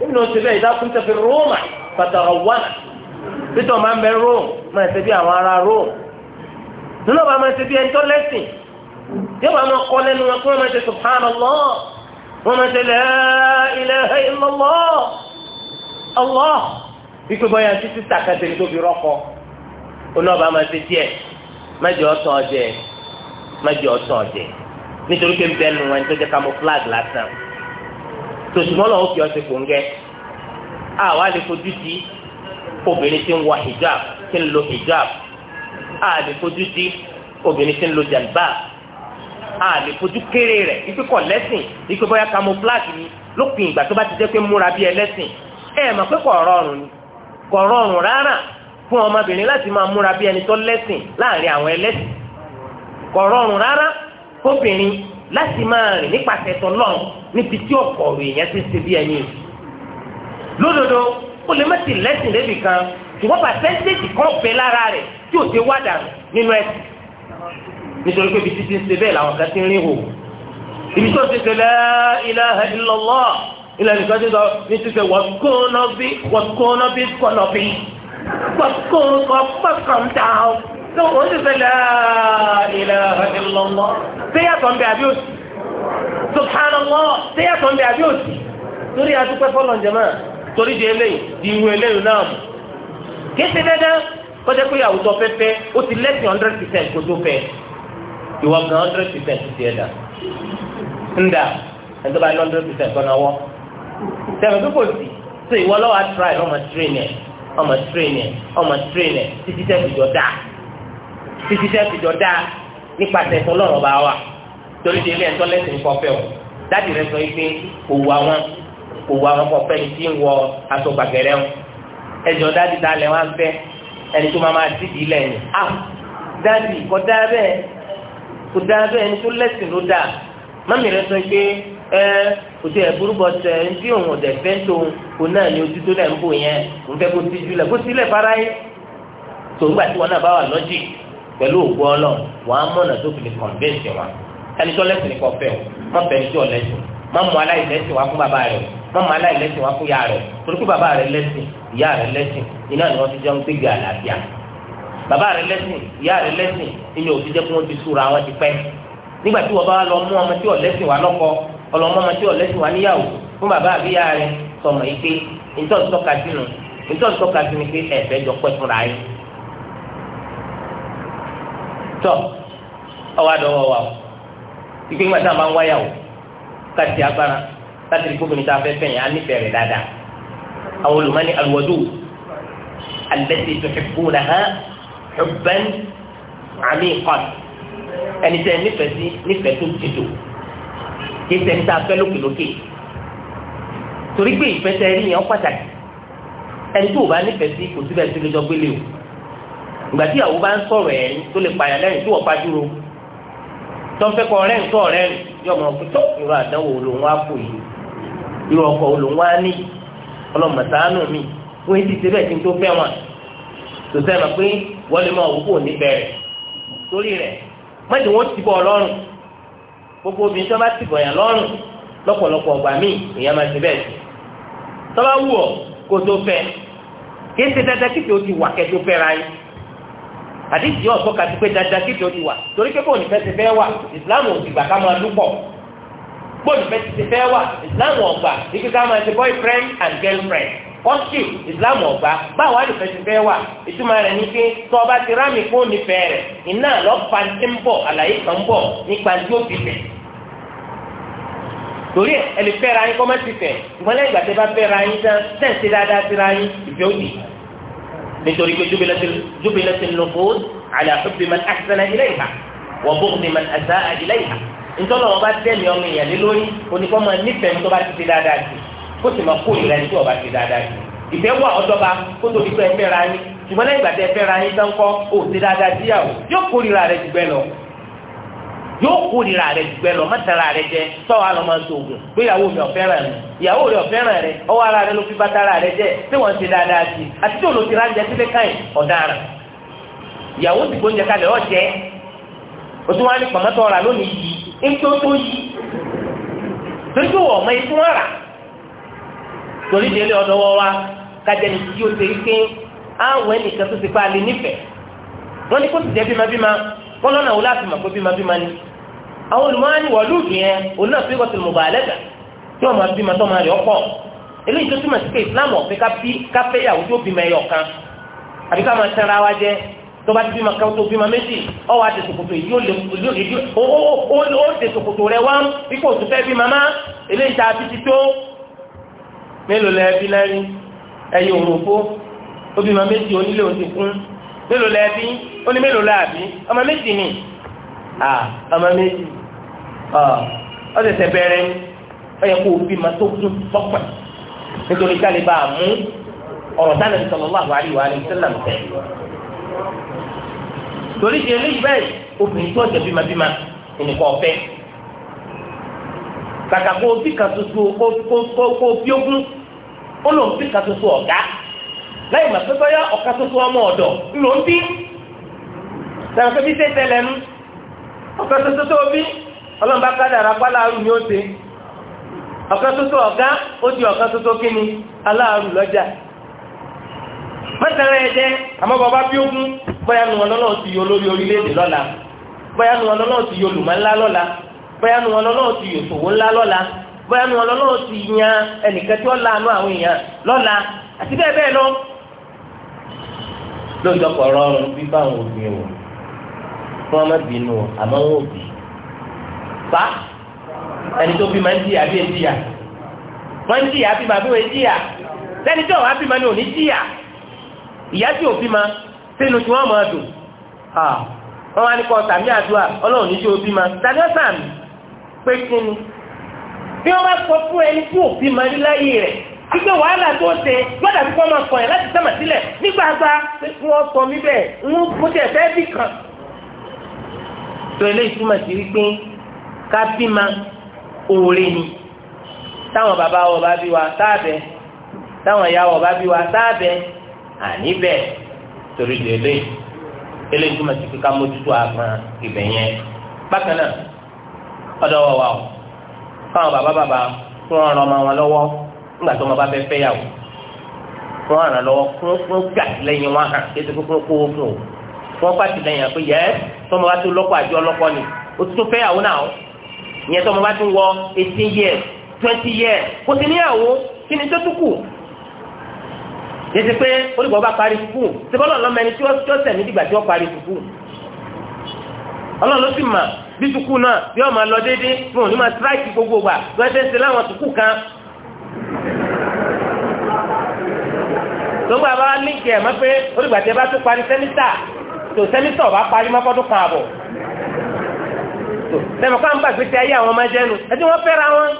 nínú oṣù bẹ́ẹ̀ ìdákun tẹ fi róòmà pàtàkì wà títọ́ máa ń bẹ róòmù máa ṣe bí àwọn ará róòmù nínú ọba máa ṣe bí ẹni tó lẹ́sìn yóò bá máa kọ́ lẹ́nu wọn kí wọ́n máa ṣe subhanallah wọ́n máa ṣe la ilaha illallah Allah wípé bọ́yá títí tàkàtì ní tó fi rọ́kọ oní ọba máa ṣe díẹ̀ mẹ́jọ ọ̀tọ̀ ọ̀jẹ̀ mẹ́jọ ọ̀tọ̀ ọ̀jẹ̀ nítorí pé ń bẹ́ẹ̀ nu wọn tó jẹ́ camouflage lásán tòṣùmọ́ lọ́wọ́ fi ọtí kòńgẹ́ àwa lè fojú di obìnrin tí ń wọ hijab tí ń lo hijab a lè fojú di obìnrin tí ń lo jalba a lè fojú kéré rẹ̀ ipe kọ̀ lẹ́sìn ipe bóyá camouflage ni lópin ìgbà tó bá ti jẹ́ pé múra bí ẹlẹ́sìn ẹ mọ̀ pé kọ̀ rọrùn ni kọ̀ rọrùn rárá fún ọmọbìnrin láti máa múra bí ẹni tó lẹ́sìn láàrin àwọn ẹlẹ́sìn kọ̀ rọrùn rárá fóbìnrin láti máa rìn nípasẹ̀ tọ́lọ́run níbi tí ọ̀pọ̀ èèyàn ti ṣe bí ẹyin lódodo ó lè má ti lẹ́sìn lébi kan ṣùgbọ́n pàṣẹ́ntéèjì kan bẹ lára rẹ̀ tí ò ṣe wá dànù nínú ẹ̀sìn nítorí pé ibi títí ń ṣe bẹ́ẹ̀ làwọn kan ti ń rí hò ibi tó ti ṣe la ilaha illallah ilẹ̀ nìkan ti sọ ní ti ṣe wọ́tkóná bí wọ́tkóná bí kọ́nà bí wọ́tkóná kọ́kàn dáhùn tó wọ́n ti la ilaha illallah ṣé yàtọ̀ ń bẹ àbí subhanallah tẹ́yàtọ̀ ń bẹ àbí òsì torí adúpẹ́ fọlọ́ ǹjẹ́mọ́ torí di eléyìí di ìwé eléyìí náà mú kéṣe dandan kọjá pé àwùjọ fẹ́fẹ́ ó ti lẹ́sìn hundred percent kó tó fẹ́ ìwọ gan hundred percent ti ẹ̀ dà ńdà ẹ̀ bá ní hundred percent kọ́ náà wọ́ tẹ̀mẹ̀ tó kò sí so ìwọ lọ́wọ́ àtúrà ẹ̀ ọmọ train ẹ̀ ọmọ train ẹ̀ ọmọ train ẹ̀ títí tẹ́ fìjọ dáa títí tẹ́ dáa nípasẹ̀ tó bá wà torí ti ilé ẹ̀tọ́ lẹ́sìn kọfẹ́ o dáàdi rẹ sọ pé kò wọ àwọn kò wọ àwọn kọfẹ́ ní tí ń wọ aṣọ gbàgẹ̀rẹ́ o ẹjọ́ dáàdi ta lẹ́ wá ń fẹ́ ẹni tó máa máa ti di ilẹ̀ ni a ah! dáàdi kò dáa bẹ́ẹ̀ kò dáa bẹ́ẹ̀ ẹni tó lẹ́sìn ló dáa mọ́mí rẹ sọ pé ẹ òtí ẹ burú bọ tẹ ẹ ti òun ọdẹ fẹ́ tó òun náà ni ojú tó náà ń bò yẹn òun fẹ́ kó ti jù lẹ kó sílẹ̀ fara yẹ tòun gbà tí wọn náà bá wà lọ́jì pẹ̀lú ògbọ́ ọlọ́run wọn á mọ̀nà tó fi lè kọ̀ǹdẹ́ǹsì wọn ẹni tó lẹ́sìn ní kò fẹ́ o má bẹ ẹni tó lẹ́sìn má mú aláìlẹ́sìn wá fún bàbá rẹ má mú aláìlẹ́sìn wá fún ìyá rẹ torí pé bàbá rẹ lẹ́sìn ìyá rẹ lẹ́sìn iná ni wọ́n ti jẹun gbégbé àlàáfíà bàbá rẹ lẹ́sìn ìyá rẹ lẹ́sìn inú òfin jẹ́ kí wọ́n ti súra wọn ti pẹ́ nígbà tí wọ́n bá lọ mú ọmọ tí ọ̀lẹ́sìn wá lọ́kọ ọlọmọ ọmọ tí ọ̀lẹ́sìn wá níyàwó fún bàbá àbíyá rẹ sọmọ yìí nítorí tọ́ka ìgbé ńgbà tá a máa ń wáyà o ká ti agbára láti rí kóbìnrin tá a fẹ́ fẹ́ yẹn á nífẹ̀ẹ́ rẹ̀ dáadáa àwọn olùmọ́ni alwadu allati tuhibbunaha hubban amiqan ẹni tẹ́ nífẹ̀ẹ́ sí nífẹ̀ẹ́ tó ti dò kí sẹ́ni tá a fẹ́ lókèlókè torí pé ìfẹ́ tẹ́ rí yẹn pàtàkì ẹni tó o bá nífẹ̀ẹ́ sí kò síbẹ̀ sí lójọ́ gbélé o ìgbà tí àwọn bá ń sọ̀rọ̀ ẹ̀rín tọ́fẹ́ kọ ọ̀rẹ́ nǹkan ọ̀rẹ́ yọmọ tó irú àdánwò olóhùn kù yìí irú ọkọ̀ olóhùn ní ọlọ́mọ sàánù mi wọ́n ti bẹ́ẹ̀ tí n tó fẹ́ wọn tó sẹ́nu pé wọ́n lè máa wúkọ́ ní bẹ̀rẹ̀ torí rẹ̀ mọ́tò wọn ti bọ̀ ọlọ́run gbogbo obìnrin tó bá ti bọ̀ yàn lọ́rùn lọ́pọ̀lọpọ̀ ọgbà míì èèyàn máa ṣe bẹ́ẹ̀ àdéhùn yóò sọ kàti pé dáadáa kí ìjọ ti wà torí pé bóun ìfẹ́ ti fẹ́ wà ìsìláàmù ò ti gbà ká máa lúpọ̀ bóun ìfẹ́ ti fẹ́ wà ìsìláàmù ọ̀gbà ike ká máa ṣe boyfriend and girlfriend kọ́ńtì ìsìláàmù ọ̀gbà báwa lè fẹ́ ti fẹ́ wà ìtumọ̀ rẹ̀ ní pé tó ọba ti rámì fún onífẹ́ rẹ̀ iná lọ́pàá ti ń bọ̀ àlàyé kan ń bọ̀ nípa tí ó fi fẹ́ torí ẹ lè fẹ́ra yín kọ́ mọ́ ti fẹ́ ìgbọ́n yín tán nítorí pé jubilatil nufuz ala hubbi man ahsana ilayha wa bughdi man asaa ilayha ntọ́lọ̀ wọn bá dẹ́mi ọmọ èèyàn lé lórí oníkọ́ máa nífẹ̀ẹ́ tó bá ti ti dáadáa sí kó sì máa kó ìrẹ́ ní tó bá ti dáadáa sí ìfẹ́ wà ọ̀dọ́ba kó tó fi pẹ́ fẹ́ ra yín ṣùgbọ́n lẹ́yìn ìgbà tẹ́ fẹ́ ra yín tán kọ́ ó ti dáadáa síyàwó yóò kórìíra rẹ̀ jù bẹ́ẹ̀ lọ yóò kórira rẹ gbẹ lọ mọtara rẹ jẹ tọwọ alọ máa tó oògùn pé ìyàwó mi ọfẹràn rẹ ìyàwó rẹ ọfẹràn rẹ ọwọ ara rẹ ló fi bàtàrà rẹ jẹ tí wọn ti dáadáa sí i àti tí olùsí ránjẹ sílé káyìn ọ̀daràn ìyàwó ti gbóúnjẹ kalẹ̀ ọjẹ òtún wọn ní pàmọtọ ọrà lónìí yìí ń tó tó yìí torí pé wọn ọmọ yìí fún ọrà torí délé ọ̀dọ̀ wọn wa kájẹ ní tí yóò ṣe ike àwọn ẹnìkan tó ti pa alẹ nífẹ̀ẹ́ wọn ní kó ti jẹ bímabíma wọn lọ́nà wo láti mọ̀ pé bímabíma ni àwọn olùmọ̀ọ́ni wọ̀lúùdù yẹn òun náà fíkọ́ ti mọ̀gbà alẹ́ gbà tí wọ́n máa bímọ tó máa rẹ̀ ọ́pọ̀ eléyìí tó túmọ̀ sí pé Islam ọ̀fẹ́ ká yàwó tó bímọ ẹyọ kan àbí ká máa tẹ́ra wa jẹ tó bá ti bímọ kan tó bímọ méjì ọ wá ti ṣòkòtò yìí ó lè ó ti ṣòkòtò rẹ wá ipò tó fẹ́ bí màmá eléyìí tá a fi ti tó mélòó lẹ bí lẹ́rìn ẹ̀yìn òròfó ó bímọ méjì onílé òsì mélòó lẹ bí ó ní mélòó lẹ àbí ọmọ méjì ni ọmọ méjì ọ tẹ̀sẹ̀ bẹ̀rẹ̀ ọ yẹ kó o bí ma tó kún tọ́pẹ̀ nítorí ká lè bá a mú ọ̀rọ̀ sálẹ̀ ní sallallahu alaihi wa sallam tẹ̀. torí ti eléyìí bẹ́ẹ̀ obìnrin tó ọ̀sẹ̀ bímabíma ẹnìkan ọ̀fẹ́ kàkà kó o bí kan soso kó o bí ogún ó lò ń bí kan soso ọ̀gá láì mà pé bóyá ọ̀ka soso ọmọ ọ̀dọ̀ ńlò ń bí. sàràkẹ́ bí sẹ́sẹ́ lẹ́nu. ọ̀kan tó tó tó bí ọlọ́run bá kádàrá ni ó ṣe ọ̀kan tó tó ọ̀gá ó ti ọ̀kan tó kí ni aláàrù lọ́jà mọ́tàrà ẹ̀jẹ̀ àmọ́ bàbá bí ogún bóyá nu wọn lọ́nà ti yọ lórí orílẹ̀-èdè lọ́la ti lùmọ́ ńlá lọ́la ti sòwò ńlá lọ́la kí wọ́n má bínú àmọ́ wọn ò bí fa ẹni tó bí máa ń jìyà bí ẹ jìyà wọ́n ń jìyà bí bàbá wọn jìyà lẹ́ni tí ọ̀wá bímọ ni ò ní jìyà ìyá tí ò bímọ sínú tí wọ́n máa dùn wọ́n wá ní kọ́ sàmì àdúrà ọlọ́run ní tí ó bímọ tani ó sàmì pé kí ni bí wọ́n bá sọ fún ẹni tí ò bímọ rí láyé rẹ̀ gbígbé wàhálà tó ṣe gbọ́dọ̀ àbíkọ́ máa kọ̀ yẹn láti sẹ́mà sílẹ̀ nígbà gba wọ́n sọ mí bẹ́ẹ̀ ń mú tẹ̀ fẹ́ bì kan tó eléyìí túmọ̀ sí wípé ká bímọ òòrè ni táwọn bàbá wa bá bí wa sáàbẹ táwọn ìyá wa bá bí wa sáàbẹ àní bẹ́ẹ̀ torí di eléyìí eléyìí túmọ̀ sí pé ká mójútó àgbọn ibẹ̀ yẹn bákan náà ọ̀dọ̀ wọ̀ wà o káwọn bàbá bàbá fún ọ̀ràn ọmọ wọn lọ́wọ́ nígbà tó wọn bá fẹ́ fẹ́ yàwó fún ọ̀ràn lọ́wọ́ fún fún gàtìlẹ́yìn wọn hàn kí ẹ wọ́n pàtì lẹ́yìn pé yẹ tọmọ bá tó lọ́kọ àjọ ọlọ́kọ ni o ti tó fẹ́yàwó náà ìyẹn tọmọ bá tó wọ eighteen years twenty years kò sí níyàwó kí ni tó tún kù yẹtí pé olùkọ́ bá parí sukùl tí bọ́lá ọlọ́mọ ẹni tí ó sẹ̀ ní dìgbà tí ó parí sukùl ọlọ́run ló sì mà bí sukùl náà bí ọmọ lọ déédéé fún òní máa tíráìkì gbogbo gbà gbẹ́sẹ̀ ń ṣe láwọn sukùl kan tó gbà bá líǹkì ẹ̀ mọ́ pé olùgbàtí ẹ bá tó parí sẹ́mítà tó sẹ́mítọ̀ bá parí mọ́kọ́dún kan àbọ̀ tó lẹ́mọ̀ ká ń gbàgbé tí ayé àwọn ọmọ ẹjẹ́ nu ẹtí wọ́n fẹ́ra wọn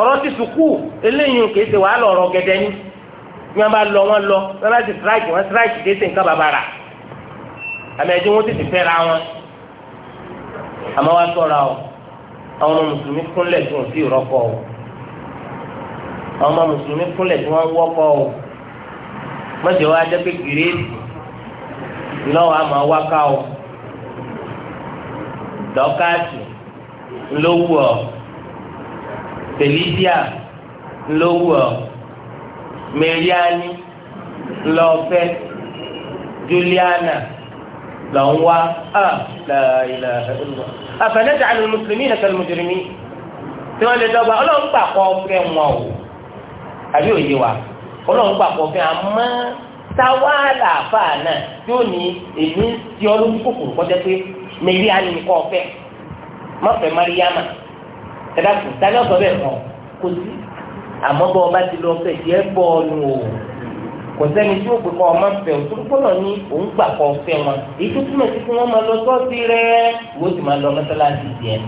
ọ̀rọ̀ ti sùkú eléyìí kì í ṣe wàhálà ọ̀rọ̀ gẹ́gẹ́ ní bí wọ́n bá lọ wọ́n lọ wọ́n bá ti strike wọ́n strike kì í ṣe nǹkan bàbàrà àmì ẹjẹ́ wọn tètè fẹ́ra wọn àmọ́ wá sọ̀ra o àwọn ọmọ mùsùlùmí kúnlẹ̀ tí wọ́n sì rọ́kọ̀ o àwọn ọmọ mùsùlùmí kúnlẹ̀ tí wọ́n wọ́kọ̀ o mọ̀jẹ̀ wá jẹ́ pé iná wa máa wá ká o dọ́kàtì ńlówó ọ felicia ńlówó ọ mẹríani ńlọfẹ juliana lọ́nwá a lẹ́yìnlẹ́ àfẹnẹ́tà àlùmọ́ mùsùlùmí nìkan mùjùrùmí tí wọ́n lè dọ́gba ọlọ́run gbà kọ́ fẹ́ wọn o àbí òye wa ọlọ́run gbà fẹ́ àmọ́ tawaala àfáà náà yóò ní èmi ń ti ọ lójú kòkòrò kọjá pé mẹ́rí á ní nǹkan ọ̀fẹ́ mọ́fẹ́ mariama ẹ̀dá kù tani ọ̀sọ́ bẹ́ẹ̀ kọ́ kò sí àmọ́ bọ́ ọba ti lọ fẹ́ jẹ́ bọ́ọ̀lù o kò sẹ́ni tí ó pè kọ́ ọmọ fẹ́ o tó gbọ́dọ̀ ní òun gbà kọ́ fẹ́ wọn èyí tó túmọ̀ sí kí wọ́n máa lọ sọ́ọ̀sì rẹ̀ wọ́n sì máa lọ mọ́sálásì jẹ́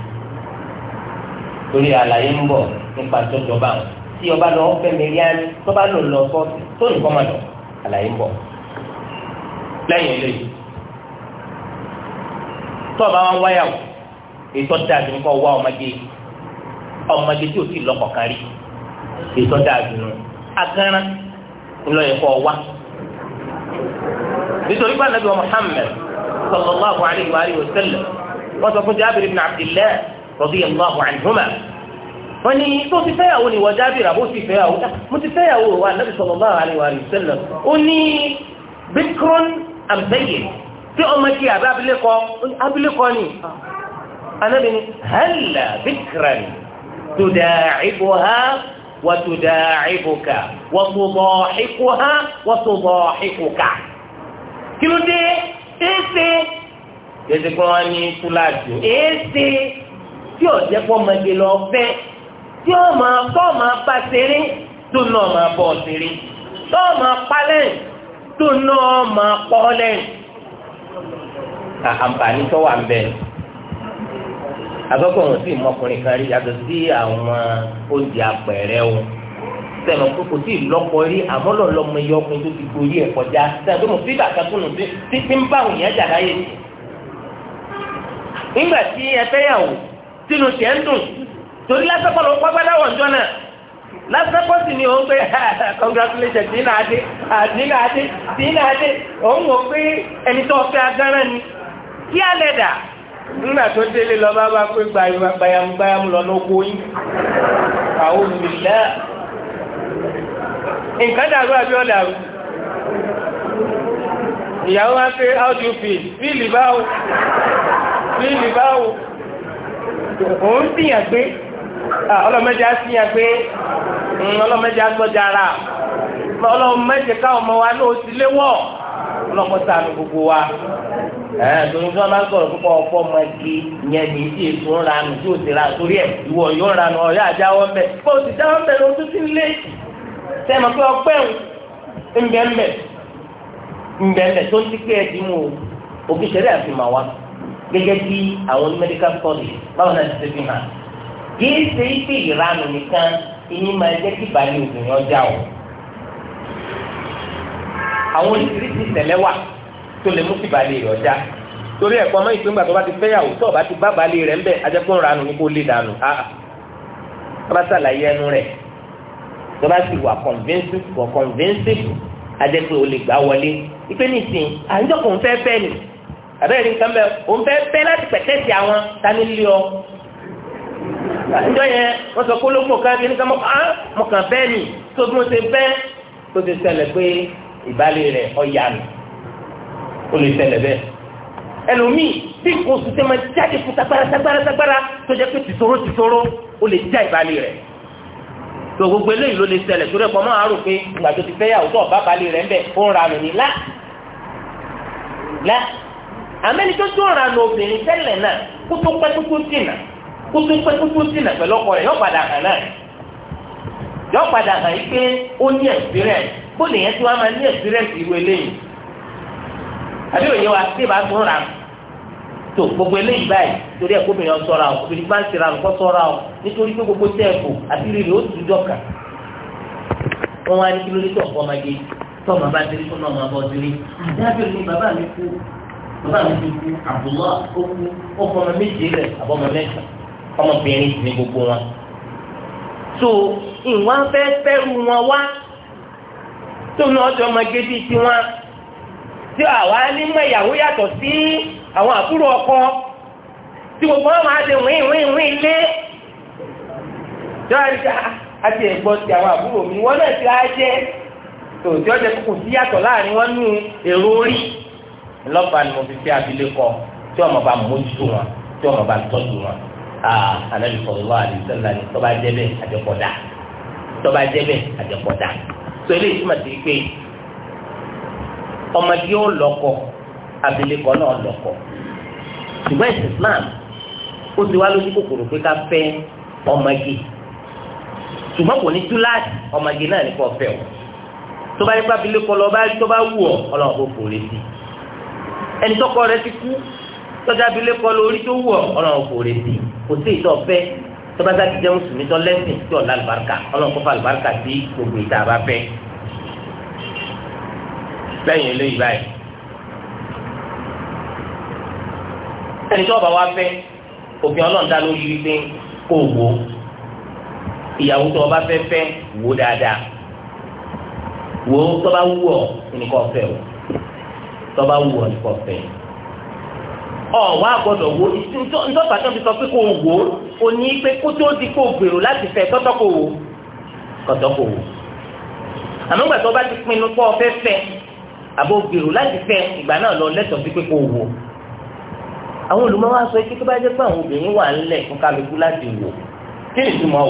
torí àlàyé ń bọ̀ nípa tó jọba tí ọba lọ fẹ́ mẹ́rí á ní tó lọ sọ́ọ̀sì tó nìkan máa lọ àlàyé ń bọ̀ lẹ́yìn eléyìí tó o bá wá wáyà o ètò dáàbì ń kọ́ wá ọmọdé ọmọdé tí o sì lọ́kọ̀ kan rí ètò dáàbì nù agánran ńlọ yẹ kọ́ wá nítorí pé anabi wa Muhammad sallallahu alayhi wa sallam wọ́n sọ fún Jabir ibn Abdillah radiyallahu anhuma wọ́n ní tó ti fẹ́yàwó ni wọ́n jábìrà bó ti fẹ́yàwó ah, mo ti fẹ́yàwó wa nabi sallallahu alaihi wa sallam ó ní bikron àbẹ́yẹ tí ọmọ kí àbẹ́ abilékọ abilékọ ni anábì ni hàlà bikran tudaa'ibuha wa tudaa'ibuka wa tudaa'iquha wa tudaa'iquka kí ló dé ése yẹtí kí ní kúláàsì ése tí ọ̀jẹ̀ pọ̀ mọ́gẹ́ lọ tí ó máa tọ́ máa bá ṣeré tó náà máa bọ̀ ṣeré tọ́ máa pa lẹ́yìn tó náà máa pọ́ lẹ́yìn. àǹfààní tó wà ń bẹ àkọ́kọ́ wọn sì mọkùnrin kan rí yàtọ̀ sí àwọn oúnjẹ apẹ̀rẹ̀ wọn sẹ́nu pé kò sí ìlọ́pọ̀ rí àmọ́ lọ́lọ́mọ iye ọkùnrin tó ti gorí ẹ̀ kọjá sẹ́nu pé mo fi bàtà kùnú sí títí ń bá òun yẹn jà láyé. nígbà tí ẹ fẹ́ yàwó sínú tiẹ̀ ń dùn torí lásìkò ló pápádà wọ̀njọ́ náà lásìkò sì ni òun pé congratulations dínà adé dínà adé dínà adé òun wò pé ẹni tó fẹ́ agárá ni kí á lẹ̀dà nígbà tó délé lọ bá bá pé gbayamugbayamu lọ lóko yín àwọn olùlẹ̀ nǹkan dàrú àbí ọ̀dàrú ìyàwó wá pé how do you feel fíìlì báwo fíìlì báwo òun bìyàn pé Ah, ọlọ́mọdé á sí yẹn pé hmm, ọlọ́mọdé á sọ́jà ara ọlọ́mọdé káwọn ọmọ wa náà ti léwọ́ ọlọ́mọdé àánú gbogbo wa tòun tí wọn sọ̀rọ̀ púpọ̀ ọ̀pọ̀ ọmọ yẹn ní tí ti ra ẹ̀ ìwọ yóò ọ̀yọ́ bẹ̀ bó o ti bẹ̀ ṣẹlẹ̀ wa gẹ́gẹ́ bí àwọn báwọn náà ti kìí ṣe ipe ìranù nìkan ìní máa jẹ́ kí ìbàlẹ̀ obìnrin ọjà o. àwọn oríṣiríṣi ìṣẹ̀lẹ̀ wà tó lè mú kí ìbàlẹ̀ rẹ̀ ọjà torí ẹ̀kọ́ ọmọ ìpínpà tó bá ti fẹ́yàwó tó bá ti bá balẹ̀ rẹ̀ ń bẹ̀ ajẹ́kùn ranù ní kó lè dànù áà ah, ah. tọ́ba ṣàlàyé ẹnu rẹ̀ tọ́ba sì wà convincing for convincing ajẹ́kùn olè gbà wọlé ipe nìsín àńjọkùn fẹ́ fẹ́ ni àbẹ́rẹ́ nǹkan bẹ́ẹ̀ òun fẹ́ fẹ́ láti pẹ̀tẹ́sì àwọn tani lé ọ ìjọ yẹn wọ́n sọ kó ló mọ̀ ká kíní ká mọ̀ á ah, mọ̀ kàn bẹ́ẹ̀ ni tó bí mo ṣe bẹ́ẹ̀ tó ti ṣẹlẹ̀ pé ìbálẹ̀ rẹ̀ ọ̀yà mi ó lè ṣẹlẹ̀ bẹ́ẹ̀ ẹlòmíì bí nǹkan oṣù tẹ́ máa jáde fún tagbára tagbára tagbára tó jẹ́ pé tìṣòro tìṣòro ó lè já ìbálẹ̀ rẹ̀ tó gbogbo eléyìí ló lè ṣẹlẹ̀ torí ẹ̀kọ́ máa rò pé ìgbà tó ti fẹ́ yà ọ̀tọ̀ ọ̀bá balẹ̀ rẹ̀ ń ó ń ranù ní lá lá àmẹ́ni tó tó ranù obìnrin tẹ́lẹ̀ náà kó tó pẹ́ tó tó dìnnà kó tó pẹ́ kókó sílẹ̀ pẹ̀lú ọkọ rẹ̀ yọ padà hàn náà yọ padà hàn yìí pé ó ní experience kó lè tí wọ́n máa ní experience irú àbí òye wa tí tún ra tó gbogbo eléyìí báyìí torí ẹ̀ kóbìnrin ọ̀ o obìnrin bá ń ṣe ra nǹkan ṣọ́ra o gbogbo tẹ́ ẹ̀ kò àti rírì ó wá ní tó ọmọbìnrin ní gbogbo wọn so ìwà fẹ́ fẹ́rù wọn wá tó ní ọjọ́ ọmọge bíi tiwọn tí àwa nímọ̀ ìyàwó yàtọ̀ sí àwọn àbúrò ọkọ tí gbogbo wọn máa ṣe wíìn wíìn wíìn lé jọ́ọ́rìṣà àti ẹ̀gbọ́n ti àwọn àbúrò mi wọ́n náà ti á jẹ́ tòótọ́ jẹ́ kókò sí yàtọ̀ láàrin wọn nù èrò orí lọ́ba ni mo fi fi abilékọ tí ọmọ bá mójútó wọn tí ọmọ bá tọ́jú wọn aa anabi sallallahu alaihi wasallam tọba jẹbẹ àjọpọdà tọba jẹbẹ àjọpọdà tó eléyìí túmọ̀ sí pé ọmọdé ó lọ́kọ abilékọ náà lọ́kọ ṣùgbọ́n ẹ̀sìn Islam ó ti wá lójú kòkòrò pé ká fẹ́ ọmọge ṣùgbọ́n kò ní túláàsì ọmọge náà ní kò fẹ́ o tó bá yípa abilékọ lọ bá tó bá wù ọ ọlọ́run kò fòrè sí ẹni tọkọ ti kú tọ́jà abilékọ lórí tó wù ọ ọlọ́run kò fòrè sí kò sí ìtọ́ fẹ́ tọ́bátà ti jẹ́ mùsùlùmí tọ́ lẹ́sìn tí ọ̀la àlùbáríkà ọlọ́run kó fa àlùbáríkà sí gbogbo ìta bá fẹ́. lẹ́yìn eléyìí báyìí ẹni tí ọba wa fẹ́ òfin ọlọ́run dá lórí wípé kó wò ó ìyàwó tó ọba fẹ́ fẹ́ wò ó dáadáa wò ó tọ́ba wù ọ́ nìkan fẹ́ o tọ́ba wù ọ́ nìkan fẹ́ o. ọ̀wá gbọ́dọ̀ wo ìtọ́ta tó fi sọ pé kò wò o ní pé kó tó di kò gbèrò láti fẹ́ tọ́tọ́ kò wò kọ́tọ́ kò wò àmọ́ ìgbà tó bá ti pinnu pọ́ fẹ́ fẹ́ àbò gbèrò láti fẹ́ ìgbà náà lọ lẹ́tọ̀ọ́ sọ pé tó bá jẹ́ pé àwọn obìnrin wà